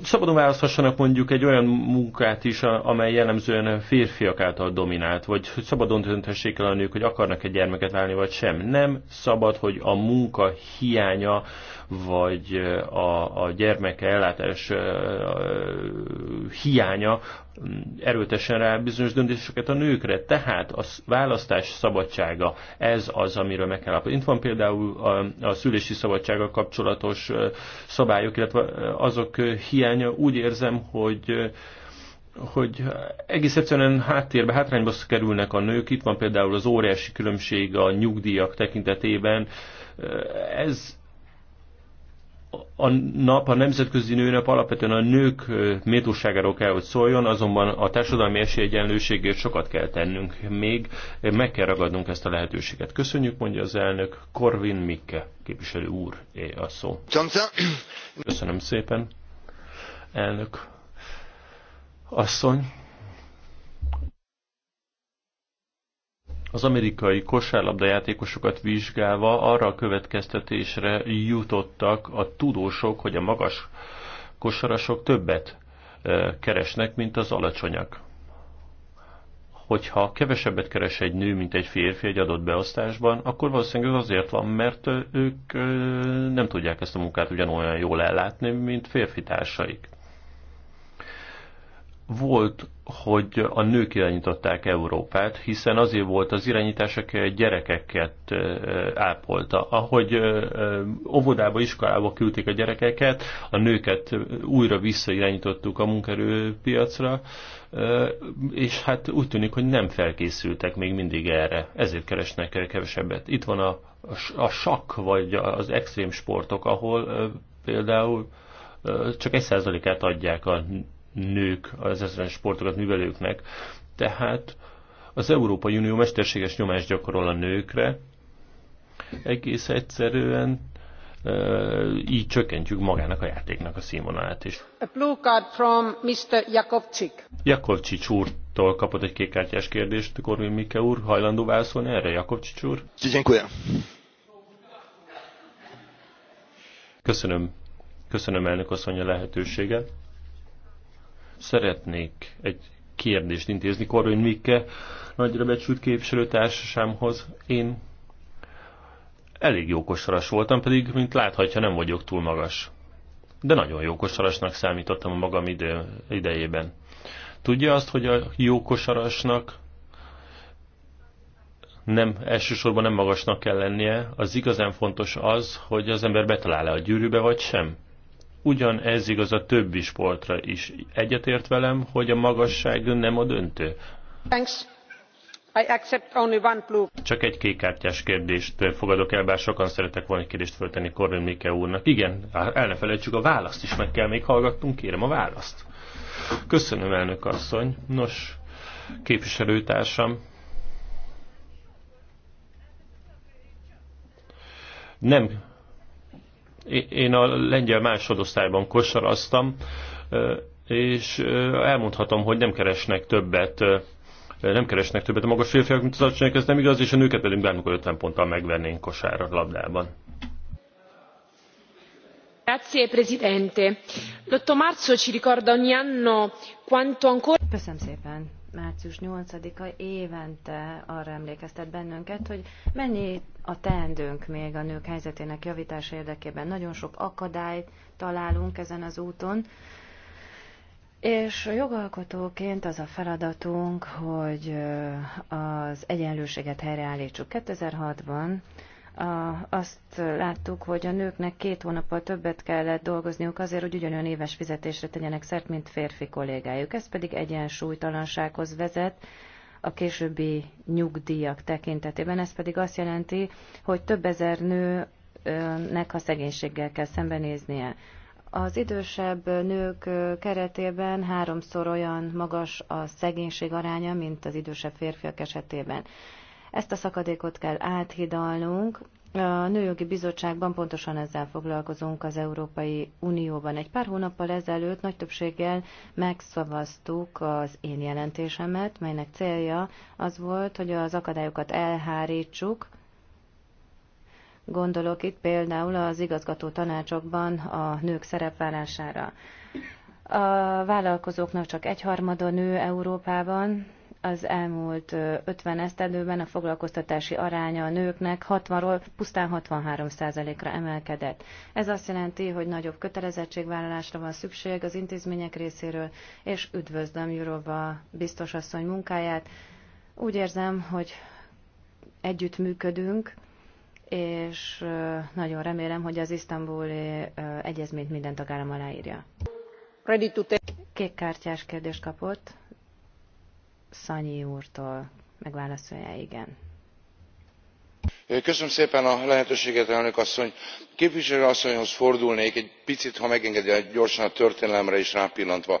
Szabadon választhassanak mondjuk egy olyan munkát is, amely jellemzően férfiak által dominált, vagy hogy szabadon dönthessék el a nők, hogy akarnak egy gyermeket válni, vagy sem. Nem szabad, hogy a munka hiánya vagy a, a gyermeke ellátás hiánya mm, erőtesen rá bizonyos döntéseket a nőkre. Tehát a választás szabadsága, ez az, amiről meg kell állapodni. Itt van például a, a szülési szabadsága kapcsolatos szabályok, illetve azok hiánya. Úgy érzem, hogy hogy egész egyszerűen háttérbe, hátrányba kerülnek a nők. Itt van például az óriási különbség a nyugdíjak tekintetében. Ez a nap, a nemzetközi nőnap alapvetően a nők méltóságáról kell, hogy szóljon, azonban a társadalmi esélyegyenlőségért sokat kell tennünk még, meg kell ragadnunk ezt a lehetőséget. Köszönjük, mondja az elnök, Korvin Mikke, képviselő úr, é a szó. Köszönöm szépen, elnök asszony. Az amerikai kosárlabda játékosokat vizsgálva arra a következtetésre jutottak a tudósok, hogy a magas kosarasok többet keresnek, mint az alacsonyak. Hogyha kevesebbet keres egy nő, mint egy férfi egy adott beosztásban, akkor valószínűleg ez azért van, mert ők nem tudják ezt a munkát ugyanolyan jól ellátni, mint férfi társaik volt, hogy a nők irányították Európát, hiszen azért volt az irányítás, aki a gyerekeket ápolta. Ahogy óvodába, iskolába küldték a gyerekeket, a nőket újra visszairányítottuk a munkerőpiacra, és hát úgy tűnik, hogy nem felkészültek még mindig erre, ezért keresnek kevesebbet. Itt van a, a sakk, vagy az extrém sportok, ahol például csak egy százalékát adják a nők, az ezen sportokat művelőknek. Tehát az Európai Unió mesterséges nyomást gyakorol a nőkre, egész egyszerűen így csökkentjük magának a játéknak a színvonalát is. A blue card from Mr. Jakovcsik. Jakovcsics úrtól kapott egy kékkártyás kérdést, Korvin Mike úr, hajlandó válaszolni erre, Jakovcsics úr? Köszönöm. Köszönöm elnök asszony a lehetőséget. Szeretnék egy kérdést intézni Korvin Mikke nagyra becsült képviselőtársasámhoz. Én elég jó kosaras voltam, pedig, mint láthatja, nem vagyok túl magas. De nagyon jó kosarasnak számítottam a magam idő, idejében. Tudja azt, hogy a jó kosarasnak nem, elsősorban nem magasnak kell lennie, az igazán fontos az, hogy az ember betalál-e a gyűrűbe, vagy sem. Ugyanez igaz a többi sportra is. Egyetért velem, hogy a magasság nem a döntő. Thanks. I accept only one blue. Csak egy kékkártyás kérdést fogadok el, bár sokan szeretek volna egy kérdést föltenni Korvin Mike úrnak. Igen, el ne felejtsük, a választ is meg kell még hallgatnunk, kérem a választ. Köszönöm, elnök asszony. Nos, képviselőtársam, nem én a lengyel másodosztályban kosaraztam, és elmondhatom, hogy nem keresnek többet nem keresnek többet a magas férfiak, mint az alacsonyak, ez nem igaz, és a nőket pedig bármikor 50 ponttal megvennénk kosárra labdában. Grazie Presidente. L'8 marzo ci ricorda ogni anno quanto ancora... Köszönöm szépen, március 8-a évente arra emlékeztet bennünket, hogy mennyi a teendőnk még a nők helyzetének javítása érdekében. Nagyon sok akadályt találunk ezen az úton, és jogalkotóként az a feladatunk, hogy az egyenlőséget helyreállítsuk. 2006-ban a, azt láttuk, hogy a nőknek két hónappal többet kellett dolgozniuk azért, hogy ugyanolyan éves fizetésre tegyenek szert, mint férfi kollégájuk. Ez pedig egyensúlytalansághoz vezet a későbbi nyugdíjak tekintetében. Ez pedig azt jelenti, hogy több ezer nőnek a szegénységgel kell szembenéznie. Az idősebb nők keretében háromszor olyan magas a szegénység aránya, mint az idősebb férfiak esetében. Ezt a szakadékot kell áthidalnunk. A Nőjogi Bizottságban pontosan ezzel foglalkozunk az Európai Unióban. Egy pár hónappal ezelőtt nagy többséggel megszavaztuk az én jelentésemet, melynek célja az volt, hogy az akadályokat elhárítsuk, Gondolok itt például az igazgató tanácsokban a nők szerepvállására. A vállalkozóknak csak egyharmada nő Európában, az elmúlt 50 esztendőben a foglalkoztatási aránya a nőknek 60-ról pusztán 63%-ra emelkedett. Ez azt jelenti, hogy nagyobb kötelezettségvállalásra van szükség az intézmények részéről, és üdvözlöm Jurova biztosasszony munkáját. Úgy érzem, hogy együtt működünk és nagyon remélem, hogy az isztambuli egyezményt minden tagállam aláírja. Kék kártyás kérdést kapott Szanyi úrtól megválaszolja, igen. Köszönöm szépen a lehetőséget, elnök asszony. Képviselő asszonyhoz fordulnék, egy picit, ha megengedi, gyorsan a történelemre is rápillantva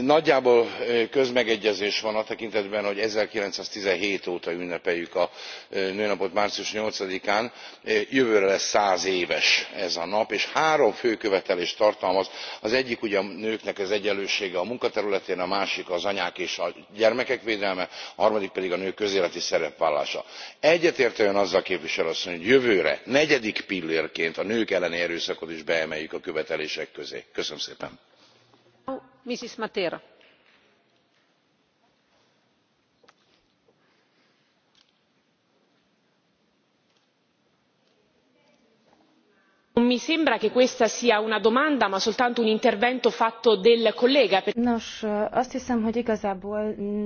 nagyjából közmegegyezés van a tekintetben hogy one thousand nine hundred and seventeen óta ünnepeljük a nőnapot március eight án jövőre lesz száz éves ez a nap és három fő követelést tartalmaz az egyik ugye a nőknek az egyenlősége a munkaterületén a másik az anyák és a gyermekek védelme a harmadik pedig a nők közéleti szerepvállalása. egyetért e azzal képviselő asszony hogy jövőre negyedik pillérként a nők elleni erőszakot is beemeljük a követelések közé? köszönöm szépen madame non mi sembra che questa sia una domanda ma soltanto un intervento fatto del collega. nos azt hiszem hogy igazából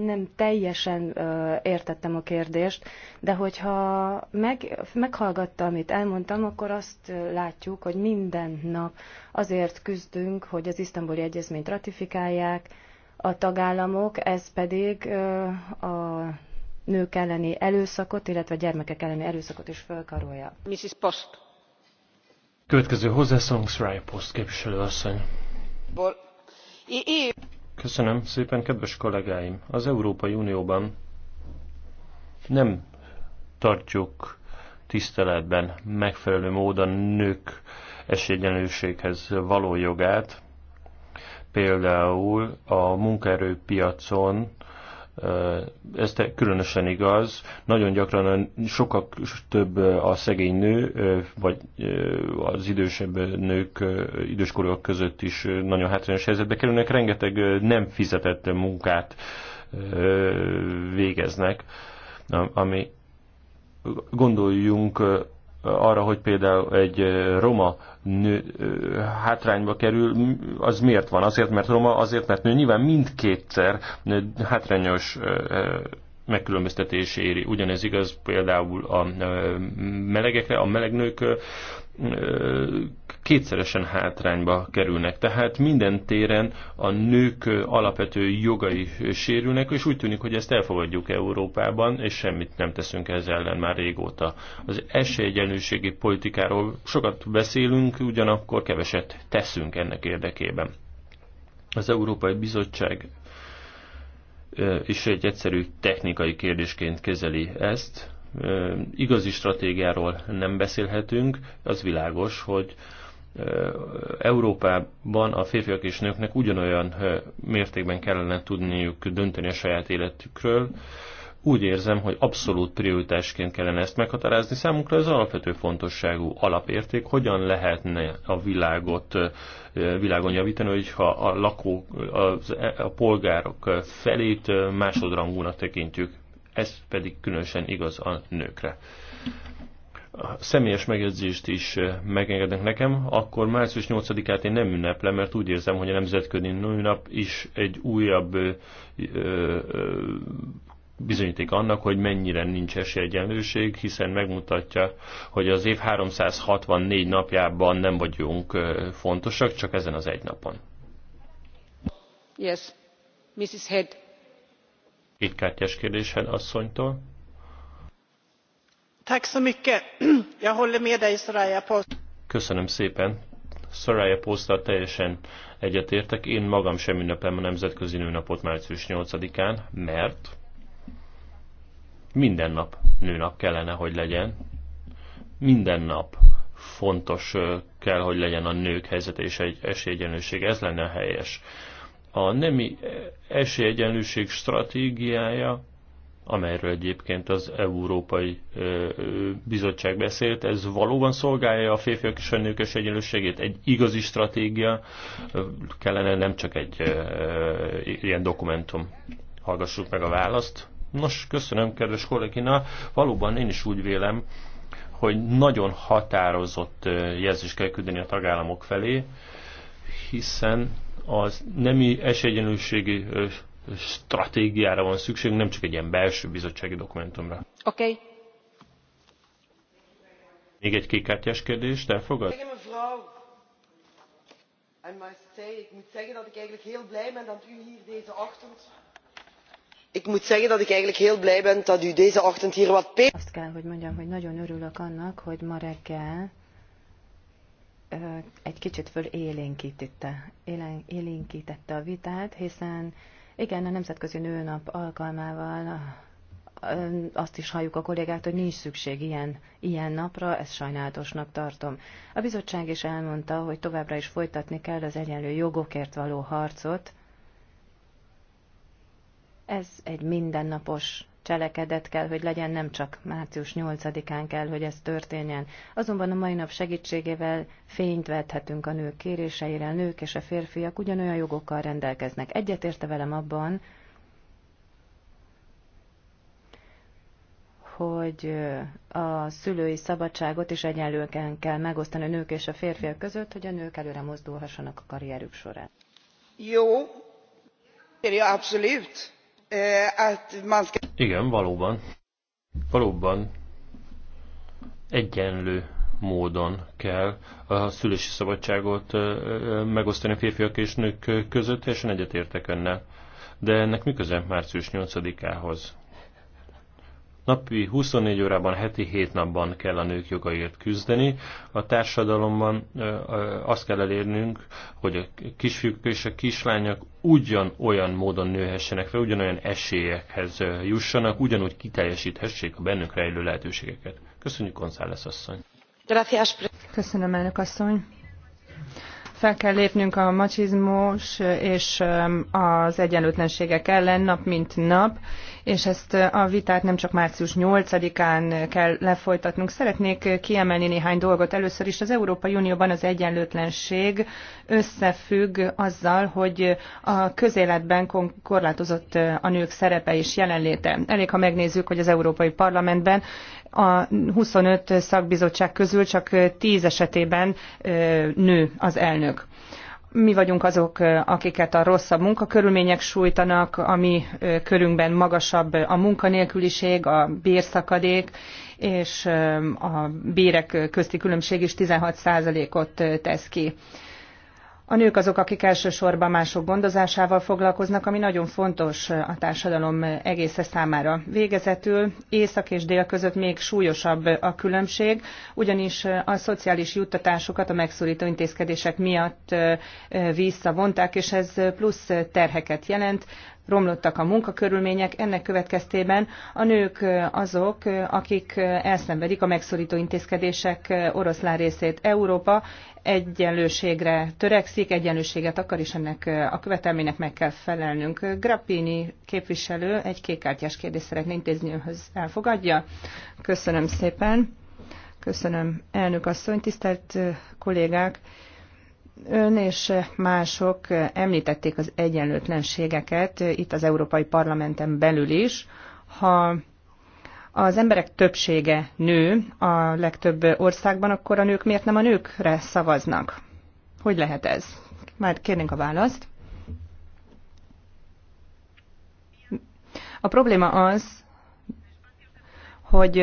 nem teljesen értettem a kérdést de hogyha meg, meghallgatta amit elmondtam akkor azt látjuk hogy minden nap azért küzdünk hogy az isztambuli egyezményt ratifikálják a tagállamok ez pedig a nők elleni erőszakot illetve a gyermekek elleni erőszakot is fölkarolja. Mrs. Post Következő hozzászólunk Szrály Poszt képviselőasszony. Köszönöm szépen, kedves kollégáim! Az Európai Unióban nem tartjuk tiszteletben megfelelő módon nők esélyegyenlőséghez való jogát, például a munkaerőpiacon ez különösen igaz. Nagyon gyakran sokkal több a szegény nő, vagy az idősebb nők, időskorúak között is nagyon hátrányos helyzetbe kerülnek. Rengeteg nem fizetett munkát végeznek, ami gondoljunk arra, hogy például egy roma nő hátrányba kerül, az miért van? Azért, mert roma, azért, mert nő. Nyilván mindkétszer hátrányos megkülönböztetés éri. Ugyanez igaz például a melegekre, a melegnők kétszeresen hátrányba kerülnek. Tehát minden téren a nők alapvető jogai sérülnek, és úgy tűnik, hogy ezt elfogadjuk Európában, és semmit nem teszünk ezzel ellen már régóta. Az esélyegyenlőségi politikáról sokat beszélünk, ugyanakkor keveset teszünk ennek érdekében. Az Európai Bizottság is egy egyszerű technikai kérdésként kezeli ezt, igazi stratégiáról nem beszélhetünk, az világos, hogy Európában a férfiak és nőknek ugyanolyan mértékben kellene tudniuk dönteni a saját életükről. Úgy érzem, hogy abszolút prioritásként kellene ezt meghatározni. Számunkra ez alapvető fontosságú alapérték, hogyan lehetne a világot világon javítani, hogyha a lakók, a, e, a polgárok felét másodrangúnak tekintjük. Ez pedig különösen igaz a nőkre személyes megjegyzést is eh, megengednek nekem, akkor március 8-át én nem ünneplem, mert úgy érzem, hogy a Nemzetközi Nőnap is egy újabb ö, eh, ö, eh, bizonyíték annak, hogy mennyire nincs esélyegyenlőség, hiszen megmutatja, hogy az év 364 napjában nem vagyunk fontosak, csak ezen az egy napon. Yes, Mrs. Head. kártyás kérdés asszonytól. Köszönöm szépen. Soraya Posztal teljesen egyetértek. Én magam sem ünneplem a Nemzetközi Nőnapot március 8-án, mert minden nap nőnap kellene, hogy legyen. Minden nap fontos kell, hogy legyen a nők helyzete és egy esélyegyenlőség. Ez lenne a helyes. A nemi esélyegyenlőség stratégiája amelyről egyébként az Európai Bizottság beszélt. Ez valóban szolgálja a férfiak és a nők egyenlőségét? Egy igazi stratégia kellene, nem csak egy ilyen dokumentum. Hallgassuk meg a választ. Nos, köszönöm, kedves kollégina. Valóban én is úgy vélem, hogy nagyon határozott jelzést kell küldeni a tagállamok felé, hiszen az nemi esélyegyenlőségi stratégiára van szükség, nem csak egy ilyen belső bizottsági dokumentumra. Oké. Okay. Még egy kékártyás kérdést elfogad? En ik moet zeggen dat ik eigenlijk heel blij ben dat u deze ochtend. hier wat pe. Azt kell, hogy mondjam, hogy nagyon örülök annak, hogy ma reggel egy kicsit föl élénkítette, élénkítette a vitát, hiszen igen, a Nemzetközi Nőnap alkalmával azt is halljuk a kollégát, hogy nincs szükség ilyen, ilyen napra, ezt sajnálatosnak tartom. A bizottság is elmondta, hogy továbbra is folytatni kell az egyenlő jogokért való harcot. Ez egy mindennapos cselekedet kell, hogy legyen, nem csak március 8-án kell, hogy ez történjen. Azonban a mai nap segítségével fényt vethetünk a nők kéréseire, a nők és a férfiak ugyanolyan jogokkal rendelkeznek. Egyetérte velem abban, hogy a szülői szabadságot is egyenlően kell megosztani a nők és a férfiak között, hogy a nők előre mozdulhassanak a karrierük során. Jó, abszolút Eh, Igen, valóban. Valóban egyenlő módon kell a szülési szabadságot eh, eh, megosztani a férfiak és nők között, és egyetértek önnel. De ennek mi köze március 8-ához? Napi 24 órában, heti 7 napban kell a nők jogaiért küzdeni. A társadalomban azt kell elérnünk, hogy a kisfiúk és a kislányok ugyanolyan módon nőhessenek fel, ugyanolyan esélyekhez jussanak, ugyanúgy kiteljesíthessék a bennük rejlő lehetőségeket. Köszönjük, González asszony! Köszönöm, elnök asszony! Fel kell lépnünk a macsizmus és az egyenlőtlenségek ellen nap mint nap, és ezt a vitát nem csak március 8-án kell lefolytatnunk. Szeretnék kiemelni néhány dolgot. Először is az Európai Unióban az egyenlőtlenség összefügg azzal, hogy a közéletben korlátozott a nők szerepe és jelenléte. Elég, ha megnézzük, hogy az Európai Parlamentben a 25 szakbizottság közül csak 10 esetében nő az elnök mi vagyunk azok, akiket a rosszabb munkakörülmények sújtanak, ami körünkben magasabb a munkanélküliség, a bérszakadék, és a bérek közti különbség is 16%-ot tesz ki. A nők azok, akik elsősorban mások gondozásával foglalkoznak, ami nagyon fontos a társadalom egésze számára. Végezetül észak és dél között még súlyosabb a különbség, ugyanis a szociális juttatásokat a megszorító intézkedések miatt visszavonták, és ez plusz terheket jelent romlottak a munkakörülmények, ennek következtében a nők azok, akik elszenvedik a megszorító intézkedések oroszlán részét. Európa egyenlőségre törekszik, egyenlőséget akar, és ennek a követelménynek meg kell felelnünk. Grappini képviselő egy kékkártyás kérdést szeretne intézni önhöz. Elfogadja? Köszönöm szépen. Köszönöm, elnök asszony, tisztelt kollégák! Ön és mások említették az egyenlőtlenségeket itt az Európai Parlamenten belül is. Ha az emberek többsége nő a legtöbb országban, akkor a nők miért nem a nőkre szavaznak? Hogy lehet ez? Már kérnénk a választ. A probléma az, hogy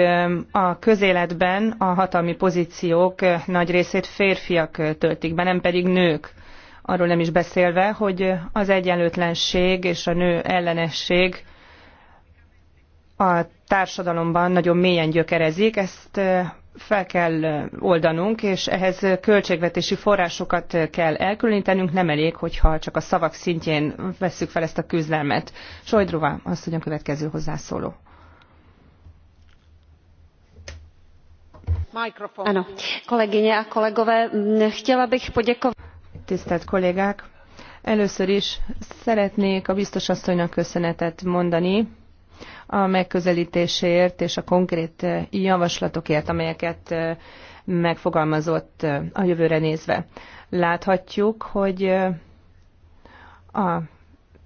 a közéletben a hatalmi pozíciók nagy részét férfiak töltik be, nem pedig nők. Arról nem is beszélve, hogy az egyenlőtlenség és a nő ellenesség a társadalomban nagyon mélyen gyökerezik, ezt fel kell oldanunk, és ehhez költségvetési forrásokat kell elkülönítenünk, nem elég, hogyha csak a szavak szintjén vesszük fel ezt a küzdelmet. Sojdruva, azt hogy a következő hozzászóló. tisztelt kollégák! először is szeretnék a biztos asszonynak köszönetet mondani a megközeltésért és a konkrét javaslatokért amelyeket megfogalmazott a jövőre nézve. láthatjuk hogy a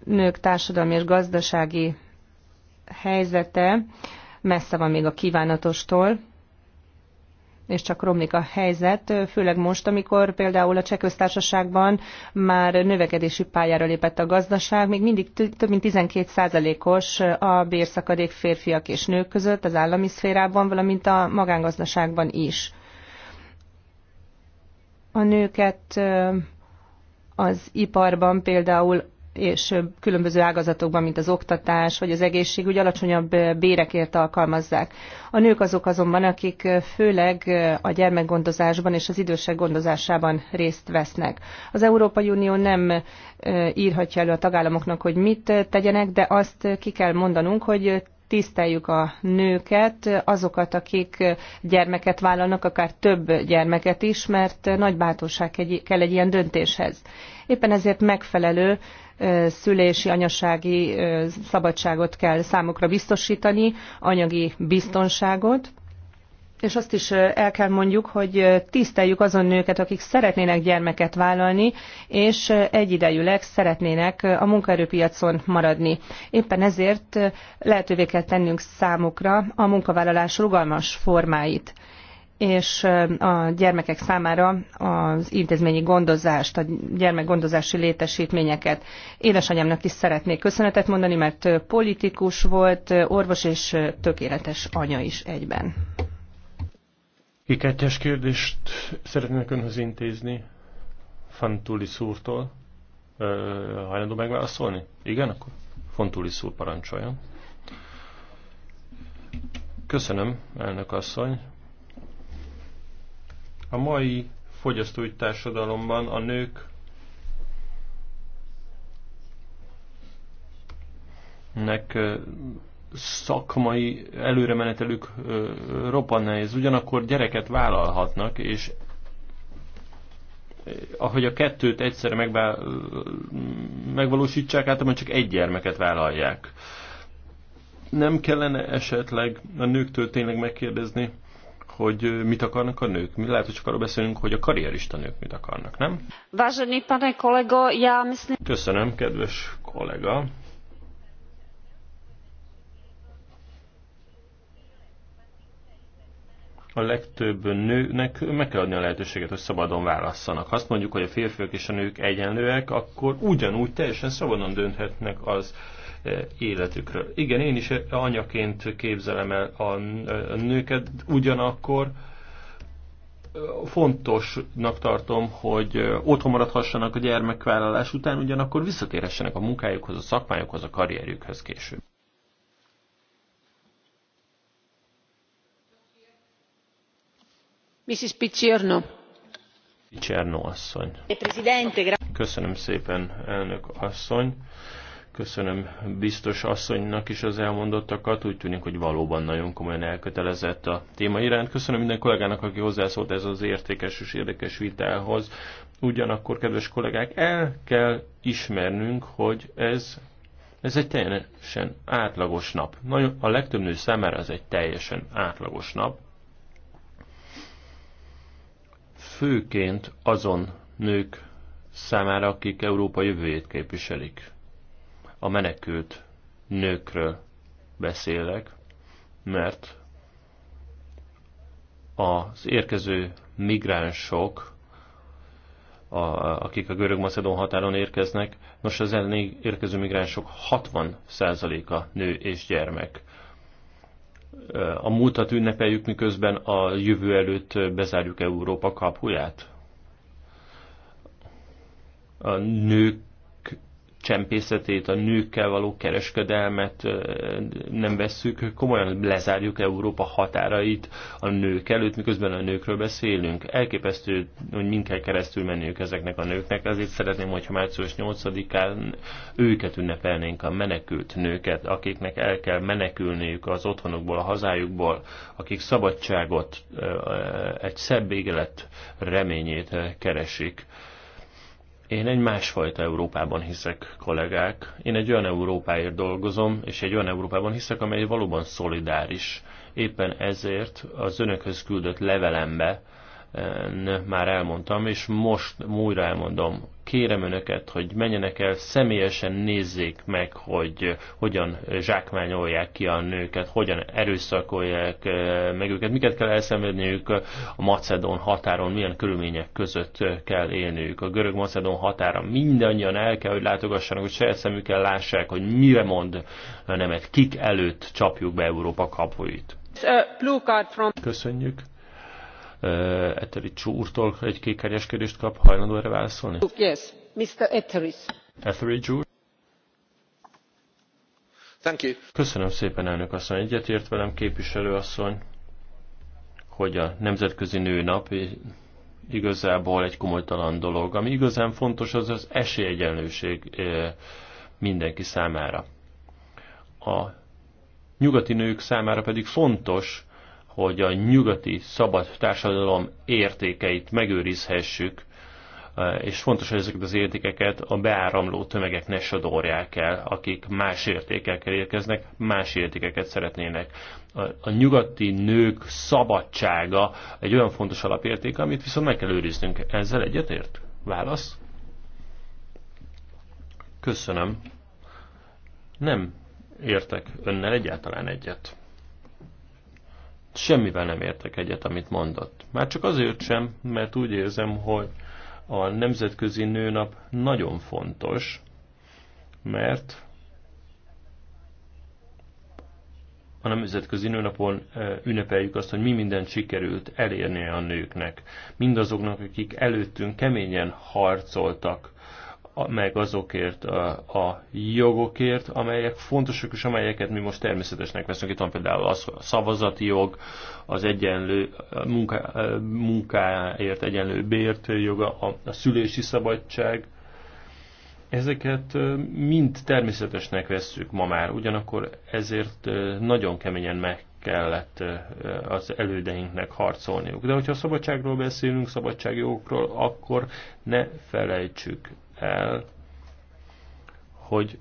nők társadalmi és gazdasági helyzete messze van még a kívánatostól és csak romlik a helyzet, főleg most, amikor például a köztársaságban már növekedési pályára lépett a gazdaság, még mindig több mint 12%-os a bérszakadék férfiak és nők között az állami szférában, valamint a magángazdaságban is. A nőket az iparban például és különböző ágazatokban, mint az oktatás vagy az egészségügy alacsonyabb bérekért alkalmazzák. A nők azok azonban, akik főleg a gyermekgondozásban és az idősek gondozásában részt vesznek. Az Európai Unió nem írhatja elő a tagállamoknak, hogy mit tegyenek, de azt ki kell mondanunk, hogy tiszteljük a nőket, azokat, akik gyermeket vállalnak, akár több gyermeket is, mert nagy bátorság kell egy ilyen döntéshez. Éppen ezért megfelelő szülési, anyasági szabadságot kell számukra biztosítani, anyagi biztonságot. És azt is el kell mondjuk, hogy tiszteljük azon nőket, akik szeretnének gyermeket vállalni, és egyidejűleg szeretnének a munkaerőpiacon maradni. Éppen ezért lehetővé kell tennünk számukra a munkavállalás rugalmas formáit és a gyermekek számára az intézményi gondozást, a gyermekgondozási létesítményeket. Édesanyámnak is szeretnék köszönetet mondani, mert politikus volt, orvos és tökéletes anya is egyben. Kikettes kérdést szeretnék önhöz intézni Fantuli szúrtól. hajlandó megválaszolni? Igen, akkor Fantuli szúr parancsoljon. Köszönöm, elnök asszony. A mai fogyasztói társadalomban a nők nek szakmai előremenetelük roppan nehéz. Ugyanakkor gyereket vállalhatnak, és ahogy a kettőt egyszer megvá... megvalósítsák, általában csak egy gyermeket vállalják. Nem kellene esetleg a nőktől tényleg megkérdezni, hogy mit akarnak a nők. Mi lehet, hogy csak arról beszélünk, hogy a karrierista nők mit akarnak, nem? Vážený pane kolego, já myslím... Köszönöm, kedves kollega. a legtöbb nőnek meg kell adni a lehetőséget, hogy szabadon válasszanak. Ha azt mondjuk, hogy a férfiak és a nők egyenlőek, akkor ugyanúgy teljesen szabadon dönthetnek az életükről. Igen, én is anyaként képzelem el a nőket, ugyanakkor fontosnak tartom, hogy otthon maradhassanak a gyermekvállalás után, ugyanakkor visszatérhessenek a munkájukhoz, a szakmájukhoz, a karrierjükhöz később. Mrs. Picierno. Picierno asszony. Köszönöm szépen, elnök asszony. Köszönöm biztos asszonynak is az elmondottakat. Úgy tűnik, hogy valóban nagyon komolyan elkötelezett a téma iránt. Köszönöm minden kollégának, aki hozzászólt ez az értékes és érdekes vitához. Ugyanakkor, kedves kollégák, el kell ismernünk, hogy ez, ez egy teljesen átlagos nap. Nagyon, a legtöbb nő számára ez egy teljesen átlagos nap. Főként azon nők számára, akik Európa jövőjét képviselik a menekült nőkről beszélek, mert az érkező migránsok, a, akik a görög-macedón határon érkeznek, nos az elleni érkező migránsok 60%-a nő és gyermek. A múltat ünnepeljük, miközben a jövő előtt bezárjuk Európa kapuját. A nők csempészetét, a nőkkel való kereskedelmet nem vesszük, komolyan lezárjuk Európa határait a nők előtt, miközben a nőkről beszélünk. Elképesztő, hogy mind kell keresztül menniük ezeknek a nőknek, ezért szeretném, hogyha március 8-án őket ünnepelnénk, a menekült nőket, akiknek el kell menekülniük az otthonukból, a hazájukból, akik szabadságot, egy szebb élet reményét keresik. Én egy másfajta Európában hiszek, kollégák. Én egy olyan Európáért dolgozom, és egy olyan Európában hiszek, amely valóban szolidáris. Éppen ezért az önökhöz küldött levelembe már elmondtam, és most újra elmondom. Kérem önöket, hogy menjenek el, személyesen nézzék meg, hogy hogyan zsákmányolják ki a nőket, hogyan erőszakolják eh, meg őket, miket kell elszenvedniük a Macedón határon, milyen körülmények között kell élniük. A görög-macedón határa mindannyian el kell, hogy látogassanak, hogy saját szemükkel lássák, hogy mire mond nemet, kik előtt csapjuk be Európa kapuit. Köszönjük. Etheridge úrtól egy kékkártyás kérdést kap, hajlandó erre válaszolni? Yes, Mr. Etheridge. Etheridge úr. Thank you. Köszönöm szépen, elnök asszony. Egyetért velem, képviselő asszony, hogy a Nemzetközi nap igazából egy komolytalan dolog. Ami igazán fontos, az az esélyegyenlőség mindenki számára. A nyugati nők számára pedig fontos, hogy a nyugati szabad társadalom értékeit megőrizhessük, eh, és fontos, hogy ezeket az értékeket a beáramló tömegek ne sodorják el, akik más értékekkel érkeznek, más értékeket szeretnének. A, a nyugati nők szabadsága egy olyan fontos alapértéke, amit viszont meg kell őriznünk. Ezzel egyetért? Válasz? Köszönöm. Nem értek önnel egyáltalán egyet semmivel nem értek egyet, amit mondott. Már csak azért sem, mert úgy érzem, hogy a Nemzetközi Nőnap nagyon fontos, mert a Nemzetközi Nőnapon e, ünnepeljük azt, hogy mi mindent sikerült elérni a nőknek. Mindazoknak, akik előttünk keményen harcoltak meg azokért a, a jogokért, amelyek fontosak, és amelyeket mi most természetesnek veszünk. Itt van például az, a szavazati jog, az egyenlő munka munkáért egyenlő bért joga, a, a szülési szabadság. Ezeket mind természetesnek vesszük ma már, ugyanakkor ezért nagyon keményen meg kellett az elődeinknek harcolniuk. De hogyha a szabadságról beszélünk, szabadságjogokról, akkor ne felejtsük el, hogy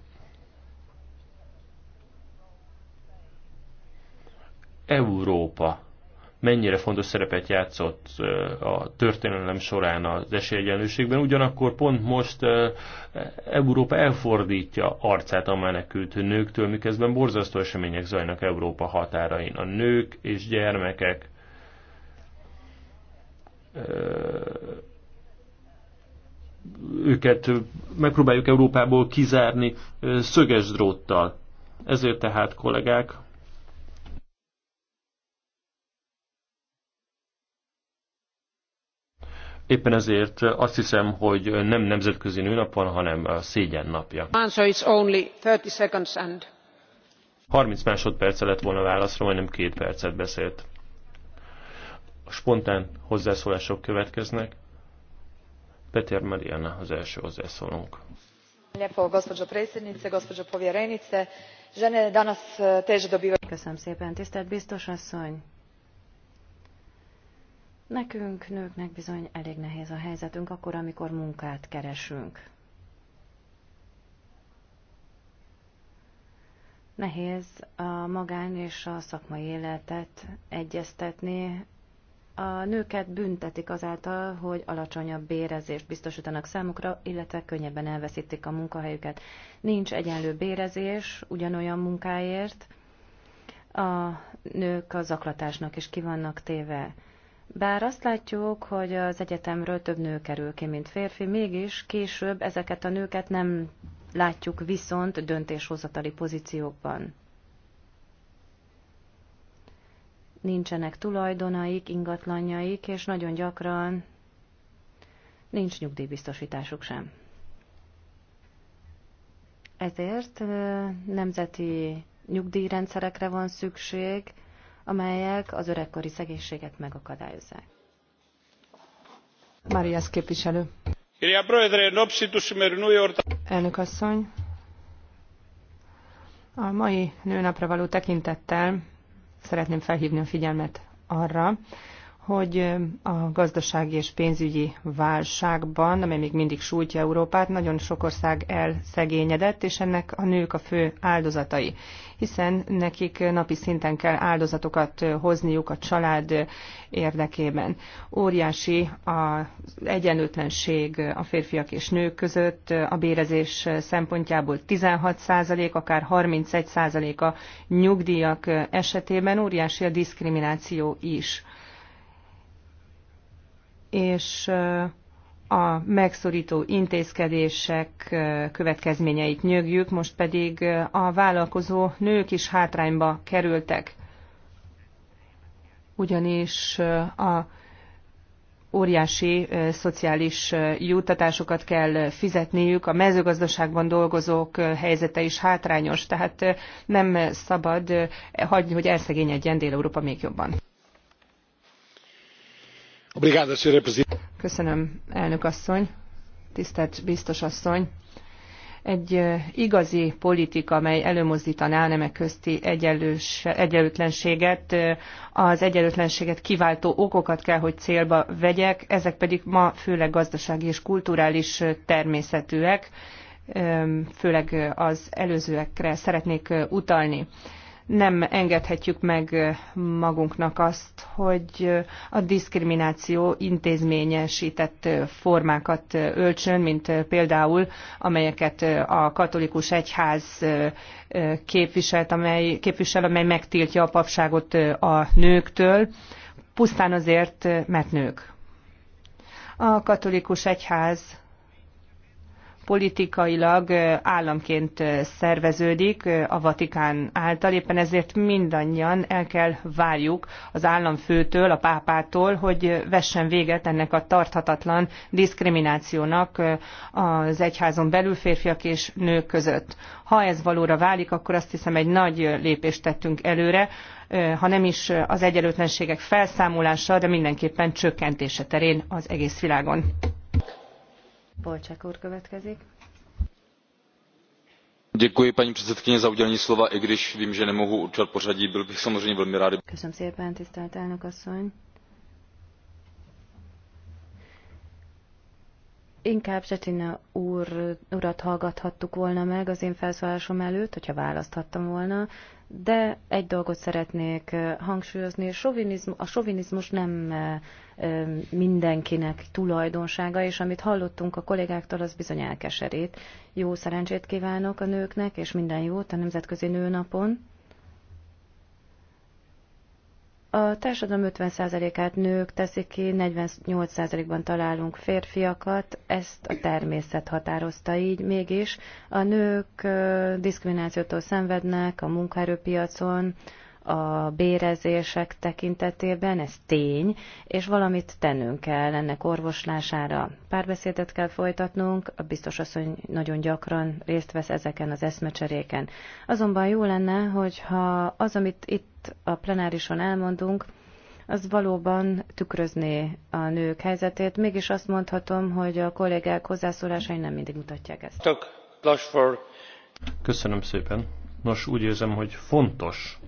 Európa mennyire fontos szerepet játszott a történelem során az esélyegyenlőségben, ugyanakkor pont most Európa elfordítja arcát a menekült nőktől, miközben borzasztó események zajnak Európa határain. A nők és gyermekek őket megpróbáljuk Európából kizárni szöges dróttal. Ezért tehát, kollégák, Éppen ezért azt hiszem, hogy nem nemzetközi nőnap van, hanem a szégyen napja. 30 másodperce lett volna válaszra, majdnem két percet beszélt. A spontán hozzászólások következnek. Peter Marijana az első hozzászólónk. gospođo predsjednice, gospođo povjerenice. Žene danas eh, teže dobivaju... Köszönöm szépen, tisztelt biztos asszony! Nekünk, nőknek bizony elég nehéz a helyzetünk akkor, amikor munkát keresünk. Nehéz a magán és a szakmai életet egyeztetni, a nőket büntetik azáltal, hogy alacsonyabb bérezést biztosítanak számukra, illetve könnyebben elveszítik a munkahelyüket. Nincs egyenlő bérezés ugyanolyan munkáért, a nők a zaklatásnak is kivannak téve. Bár azt látjuk, hogy az egyetemről több nő kerül ki, mint férfi, mégis később ezeket a nőket nem látjuk viszont döntéshozatali pozíciókban. nincsenek tulajdonaik, ingatlanjaik, és nagyon gyakran nincs nyugdíjbiztosításuk sem. Ezért nemzeti nyugdíjrendszerekre van szükség, amelyek az öregkori szegénységet megakadályozzák. Marias képviselő. Elnök asszony, a mai nőnapra való tekintettel szeretném felhívni a figyelmet arra, hogy a gazdasági és pénzügyi válságban, amely még mindig sújtja Európát, nagyon sok ország elszegényedett, és ennek a nők a fő áldozatai, hiszen nekik napi szinten kell áldozatokat hozniuk a család érdekében. Óriási az egyenlőtlenség a férfiak és nők között, a bérezés szempontjából 16%, akár 31% a nyugdíjak esetében, óriási a diszkrimináció is és a megszorító intézkedések következményeit nyögjük, most pedig a vállalkozó nők is hátrányba kerültek. Ugyanis a óriási szociális juttatásokat kell fizetniük, a mezőgazdaságban dolgozók helyzete is hátrányos, tehát nem szabad hagyni, hogy elszegényedjen Dél-Európa még jobban. Köszönöm, elnök asszony, tisztelt biztos asszony. Egy igazi politika, amely előmozdítaná a nemek közti egyenlőtlenséget, az egyenlőtlenséget kiváltó okokat kell, hogy célba vegyek, ezek pedig ma főleg gazdasági és kulturális természetűek, főleg az előzőekre szeretnék utalni nem engedhetjük meg magunknak azt, hogy a diszkrimináció intézményesített formákat öltsön, mint például amelyeket a katolikus egyház képviselt, amely, képvisel, amely megtiltja a papságot a nőktől, pusztán azért, mert nők. A katolikus egyház politikailag államként szerveződik a Vatikán által, éppen ezért mindannyian el kell várjuk az államfőtől, a pápától, hogy vessen véget ennek a tarthatatlan diszkriminációnak az egyházon belül férfiak és nők között. Ha ez valóra válik, akkor azt hiszem egy nagy lépést tettünk előre, ha nem is az egyenlőtlenségek felszámolása, de mindenképpen csökkentése terén az egész világon. Polcsák úr következik. Děkuji, paní předsedkyně, za udělení slova, i když vím, že nemohu určovat pořadí, byl bych samozřejmě velmi rád. Köszönöm szépen, tisztelt elnök asszony. Inkább Zsetina úr, urat hallgathattuk volna meg az én felszólásom előtt, hogyha választhattam volna, de egy dolgot szeretnék hangsúlyozni, a sovinizmus nem mindenkinek tulajdonsága, és amit hallottunk a kollégáktól, az bizony elkeserít. Jó szerencsét kívánok a nőknek, és minden jót a Nemzetközi Nőnapon. A társadalom 50%-át nők teszik ki, 48%-ban találunk férfiakat, ezt a természet határozta így, mégis a nők diszkriminációtól szenvednek a munkaerőpiacon, a bérezések tekintetében, ez tény, és valamit tennünk kell ennek orvoslására. Párbeszédet kell folytatnunk, a biztos asszony nagyon gyakran részt vesz ezeken az eszmecseréken. Azonban jó lenne, hogyha az, amit itt a plenárison elmondunk, az valóban tükrözné a nők helyzetét. Mégis azt mondhatom, hogy a kollégák hozzászólásai nem mindig mutatják ezt. Köszönöm szépen. Nos, úgy érzem, hogy fontos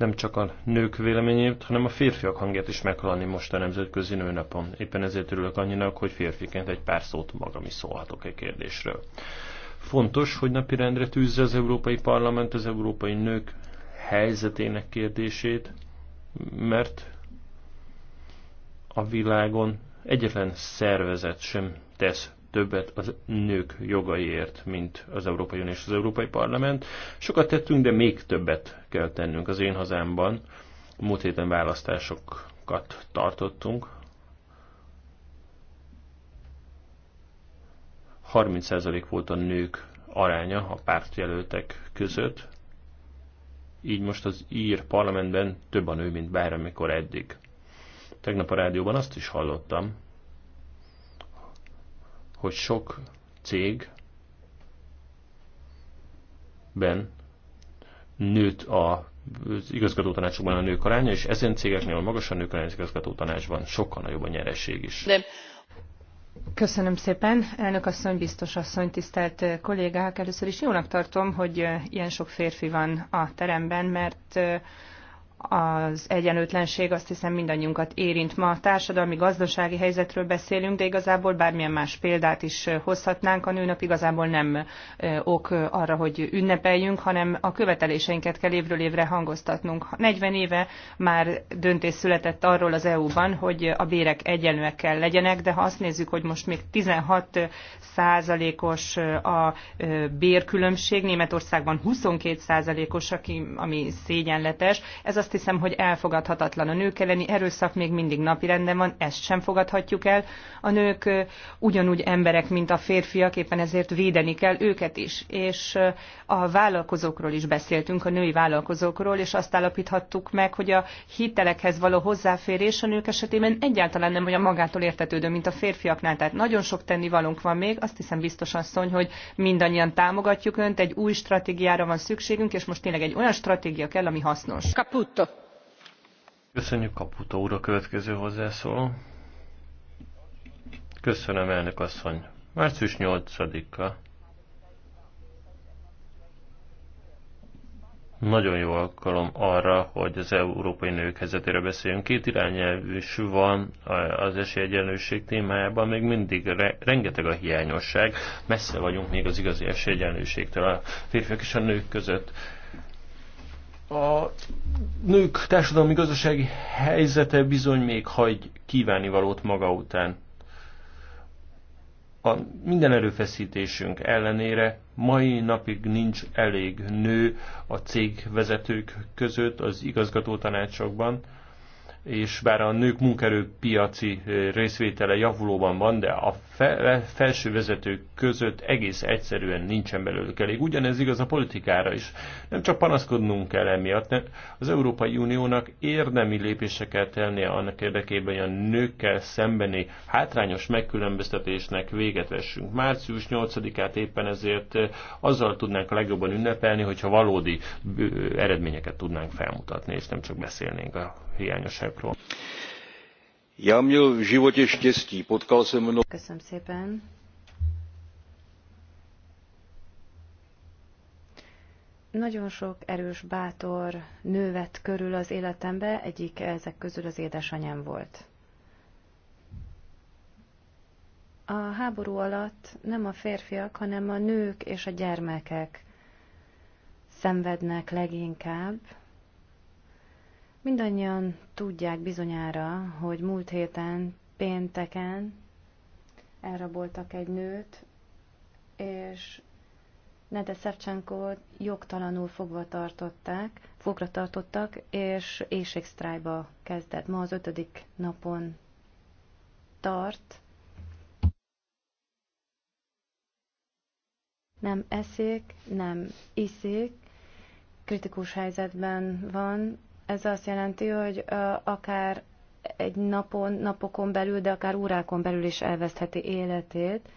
nem csak a nők véleményét, hanem a férfiak hangját is meghallani most a Nemzetközi Nőnapon. Éppen ezért örülök annyinak, hogy férfiként egy pár szót magam is szólhatok egy kérdésről. Fontos, hogy napirendre tűzze az Európai Parlament az európai nők helyzetének kérdését, mert a világon egyetlen szervezet sem tesz többet az nők jogaiért, mint az Európai Unió és az Európai Parlament. Sokat tettünk, de még többet kell tennünk az én hazámban. Múlt héten választásokat tartottunk. 30% volt a nők aránya a pártjelöltek között. Így most az ír parlamentben több a nő, mint bármikor eddig. Tegnap a rádióban azt is hallottam, hogy sok cég ben nőtt a az igazgató tanácsokban a nők aránya, és ezen cégeknél magasan nők aránya az igazgató tanácsban sokkal nagyobb a nyereség is. De. Köszönöm szépen, elnök asszony, biztos asszony, tisztelt eh, kollégák. Először is jónak tartom, hogy eh, ilyen sok férfi van a teremben, mert eh, az egyenlőtlenség azt hiszem mindannyiunkat érint. Ma a társadalmi, gazdasági helyzetről beszélünk, de igazából bármilyen más példát is hozhatnánk. A nőnap igazából nem ok arra, hogy ünnepeljünk, hanem a követeléseinket kell évről évre hangoztatnunk. 40 éve már döntés született arról az EU-ban, hogy a bérek egyenlőek kell legyenek, de ha azt nézzük, hogy most még 16 százalékos a bérkülönbség, Németországban 22 százalékos, ami szégyenletes, ez azt azt hiszem, hogy elfogadhatatlan. A nők elleni erőszak még mindig napirenden van, ezt sem fogadhatjuk el. A nők ugyanúgy emberek, mint a férfiak, éppen ezért védeni kell őket is. És a vállalkozókról is beszéltünk, a női vállalkozókról, és azt állapíthattuk meg, hogy a hitelekhez való hozzáférés a nők esetében egyáltalán nem olyan magától értetődő, mint a férfiaknál. Tehát nagyon sok tennivalónk van még, azt hiszem biztos asszony, hogy mindannyian támogatjuk önt, egy új stratégiára van szükségünk, és most tényleg egy olyan stratégia kell, ami hasznos. Kaput. Köszönjük Kaputo úr a következő hozzászóló. Köszönöm, elnök asszony. Március 8-a. Nagyon jó alkalom arra, hogy az európai nők helyzetére beszéljünk. Két irányelv is van az esélyegyenlőség témájában, még mindig re- rengeteg a hiányosság. Messze vagyunk még az igazi esélyegyenlőségtől a férfiak és a nők között a nők társadalmi gazdasági helyzete bizony még hagy kívánivalót maga után. A minden erőfeszítésünk ellenére mai napig nincs elég nő a cégvezetők között, az igazgató tanácsokban, és bár a nők munkerőpiaci részvétele javulóban van, de a e, felső vezetők között egész egyszerűen nincsen belőlük elég. Ugyanez igaz a politikára is. Nem csak panaszkodnunk kell emiatt, nem. az Európai Uniónak érdemi lépéseket tennie annak érdekében, hogy a nőkkel szembeni hátrányos megkülönböztetésnek véget vessünk. Március 8-át éppen ezért azzal tudnánk a legjobban ünnepelni, hogyha valódi eredményeket tudnánk felmutatni, és nem csak beszélnénk a hiányosságról. Já měl v životě štěstí, potkal jsem mnoho... Köszönöm szépen. Nagyon sok erős, bátor nő vett körül az életembe, egyik ezek közül az édesanyám volt. A háború alatt nem a férfiak, hanem a nők és a gyermekek szenvednek leginkább, Mindannyian tudják bizonyára, hogy múlt héten, pénteken elraboltak egy nőt, és Nede Szevcsenkót jogtalanul fogva tartották, fogra tartottak, és éjségsztrájba kezdett. Ma az ötödik napon tart. Nem eszik, nem iszik, kritikus helyzetben van, ez azt jelenti, hogy akár egy napon, napokon belül, de akár órákon belül is elvesztheti életét.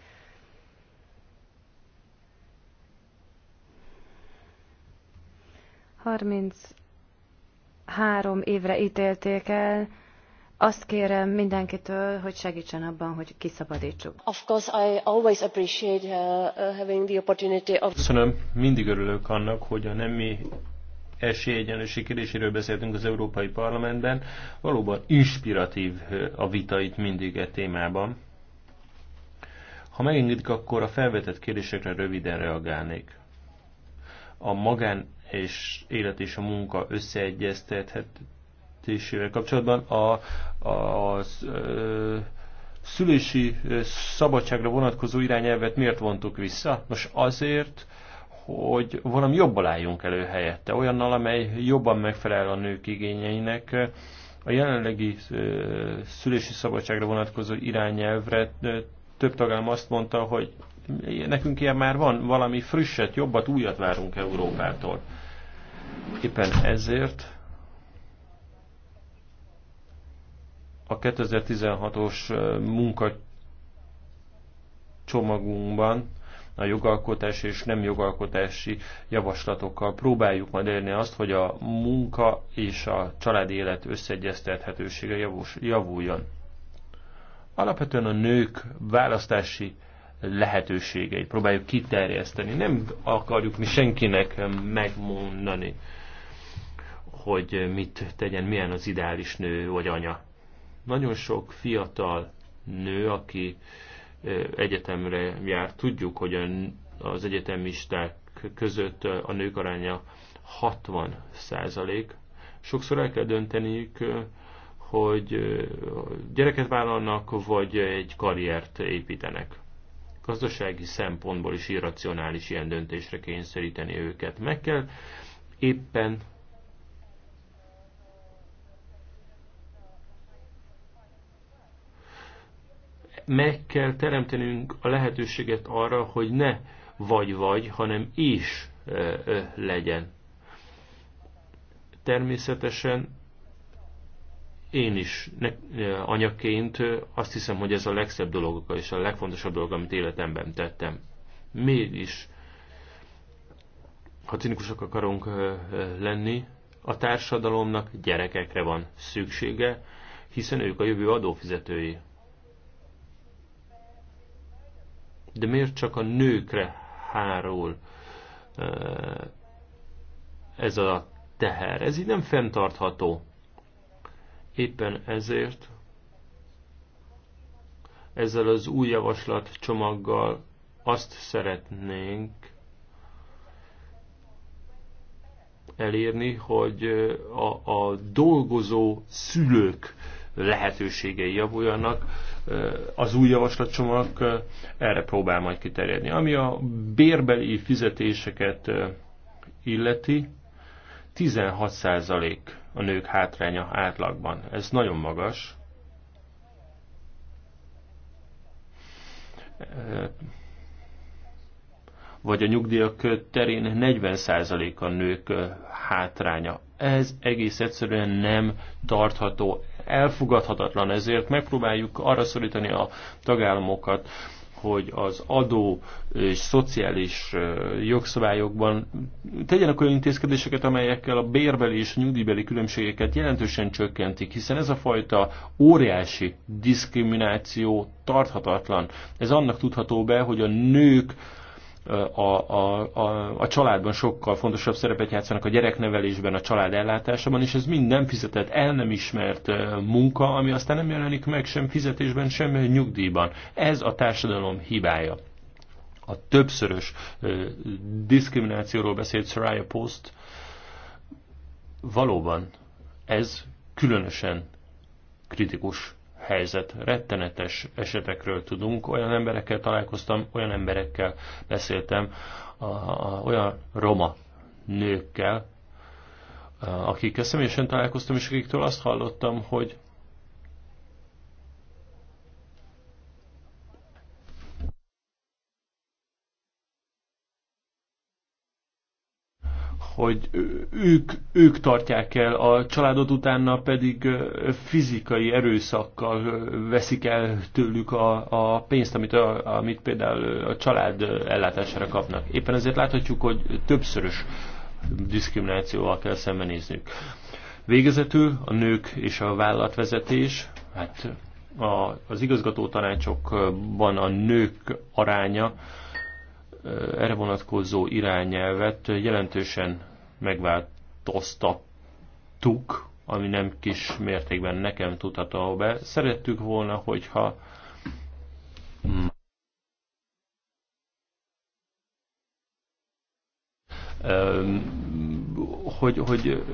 Harminc három évre ítélték el. Azt kérem mindenkitől, hogy segítsen abban, hogy kiszabadítsuk. Of course, I always appreciate uh, uh, having the opportunity of... Köszönöm, mindig örülök annak, hogy a nemi esélyegyenlőség kérdéséről beszéltünk az Európai Parlamentben, valóban inspiratív a vita itt mindig e témában. Ha megengedik, akkor a felvetett kérdésekre röviden reagálnék. A magán és élet és a munka összeegyeztethetésével kapcsolatban a, a, az ö, szülési szabadságra vonatkozó irányelvet miért vontuk vissza? Most azért, hogy valami jobban álljunk elő helyette, olyannal, amely jobban megfelel a nők igényeinek. A jelenlegi szülési szabadságra vonatkozó irányelvre több tagállam azt mondta, hogy nekünk ilyen már van, valami frisset, jobbat, újat várunk Európától. Éppen ezért a 2016-os munkacsomagunkban a jogalkotási és nem jogalkotási javaslatokkal próbáljuk majd elérni azt, hogy a munka és a családi élet összeegyeztethetősége javuljon. Alapvetően a nők választási lehetőségeit próbáljuk kiterjeszteni. Nem akarjuk mi senkinek megmondani, hogy mit tegyen, milyen az ideális nő vagy anya. Nagyon sok fiatal nő, aki uh, egyetemre jár. Tudjuk, hogy az egyetemisták között a nők aránya 60 százalék. Sokszor el kell dönteniük, hogy gyereket vállalnak, vagy egy karriert építenek. Gazdasági szempontból is irracionális ilyen döntésre kényszeríteni őket. Meg kell éppen meg kell teremtenünk a lehetőséget arra, hogy ne vagy-vagy, hanem is legyen. Természetesen én is ne, anyaként azt hiszem, hogy ez a legszebb dolog, és a legfontosabb dolog, amit életemben tettem. Mégis, ha cinikusak akarunk lenni, a társadalomnak gyerekekre van szüksége, hiszen ők a jövő adófizetői. De miért csak a nőkre hárul ez a teher? Ez így nem fenntartható. Éppen ezért ezzel az új javaslat csomaggal azt szeretnénk elérni, hogy a, a dolgozó szülők lehetőségei javuljanak. Az új javaslatcsomag erre próbál majd kiterjedni. Ami a bérbeli fizetéseket illeti, 16% a nők hátránya átlagban. Ez nagyon magas. Vagy a nyugdíjak terén 40% a nők hátránya. Ez egész egyszerűen nem tartható elfogadhatatlan, ezért megpróbáljuk arra szorítani a tagállamokat, hogy az adó és szociális jogszabályokban tegyenek olyan intézkedéseket, amelyekkel a bérbeli és nyugdíjbeli különbségeket jelentősen csökkentik, hiszen ez a fajta óriási diszkrimináció tarthatatlan. Ez annak tudható be, hogy a nők a, a, a, a családban sokkal fontosabb szerepet játszanak a gyereknevelésben, a család ellátásában, és ez mind nem fizetett, el nem ismert munka, ami aztán nem jelenik meg sem fizetésben, sem nyugdíjban. Ez a társadalom hibája. A többszörös ö, diszkriminációról beszélt Soraya Post, valóban ez különösen kritikus helyzet. Rettenetes esetekről tudunk. Olyan emberekkel találkoztam, olyan emberekkel beszéltem, a, a, olyan roma nőkkel, akikkel személyesen találkoztam, és akiktől azt hallottam, hogy hogy ők, ők tartják el a családot, utána pedig fizikai erőszakkal veszik el tőlük a, a pénzt, amit, a, amit például a család ellátására kapnak. Éppen ezért láthatjuk, hogy többszörös diszkriminációval kell szembenéznünk. Végezetül a nők és a vállalatvezetés, hát a, az igazgató tanácsokban a nők aránya erre vonatkozó irányelvet jelentősen megváltoztattuk, ami nem kis mértékben nekem tudható be. Szerettük volna, hogyha hogy, hogy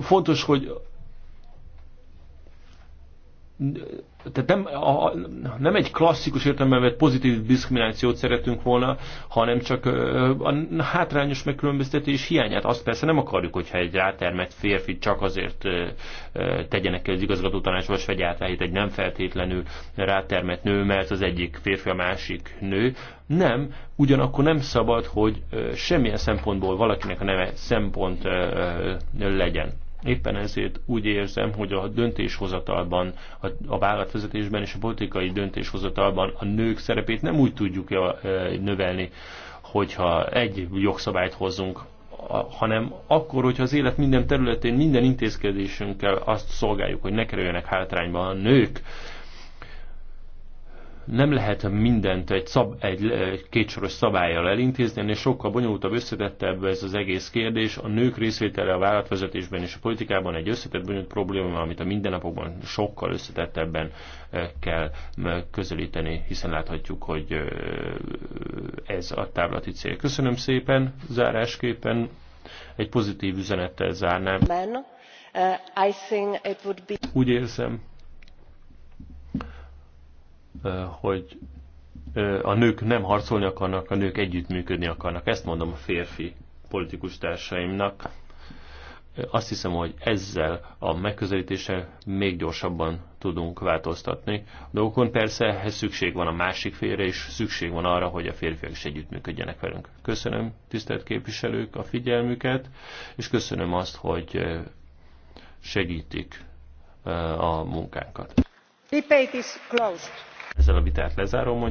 fontos, hogy tehát nem, a, nem egy klasszikus értelemben vett pozitív diszkriminációt szeretünk volna, hanem csak a hátrányos megkülönböztetés hiányát. Azt persze nem akarjuk, hogyha egy rátermett férfi csak azért tegyenek ki az igazgató tanácsba, vagy átállít egy nem feltétlenül rátermett nő, mert az egyik férfi a másik nő. Nem, ugyanakkor nem szabad, hogy semmilyen szempontból valakinek a neve szempont legyen. Éppen ezért úgy érzem, hogy a döntéshozatalban, a vállalatvezetésben és a politikai döntéshozatalban a nők szerepét nem úgy tudjuk növelni, hogyha egy jogszabályt hozzunk, hanem akkor, hogyha az élet minden területén, minden intézkedésünkkel azt szolgáljuk, hogy ne kerüljenek hátrányba a nők, nem lehet mindent egy, szab, egy eh, kétsoros szabályjal elintézni, ennél sokkal bonyolultabb, összetettebb ez az egész kérdés. A nők részvétele a vállalatvezetésben és a politikában egy összetett, bonyolult probléma, amit a mindennapokban sokkal összetettebben eh, kell közelíteni, hiszen láthatjuk, hogy eh, ez a távlati cél. Köszönöm szépen, zárásképpen egy pozitív üzenettel zárnám. Úgy érzem, hogy a nők nem harcolni akarnak, a nők együttműködni akarnak. Ezt mondom a férfi politikus társaimnak. Azt hiszem, hogy ezzel a megközelítéssel még gyorsabban tudunk változtatni. A dolgokon persze ehhez szükség van a másik félre, és szükség van arra, hogy a férfiak is együttműködjenek velünk. Köszönöm, tisztelt képviselők, a figyelmüket, és köszönöm azt, hogy segítik a munkánkat. Debate is closed. Ezzel a vitát lezárom,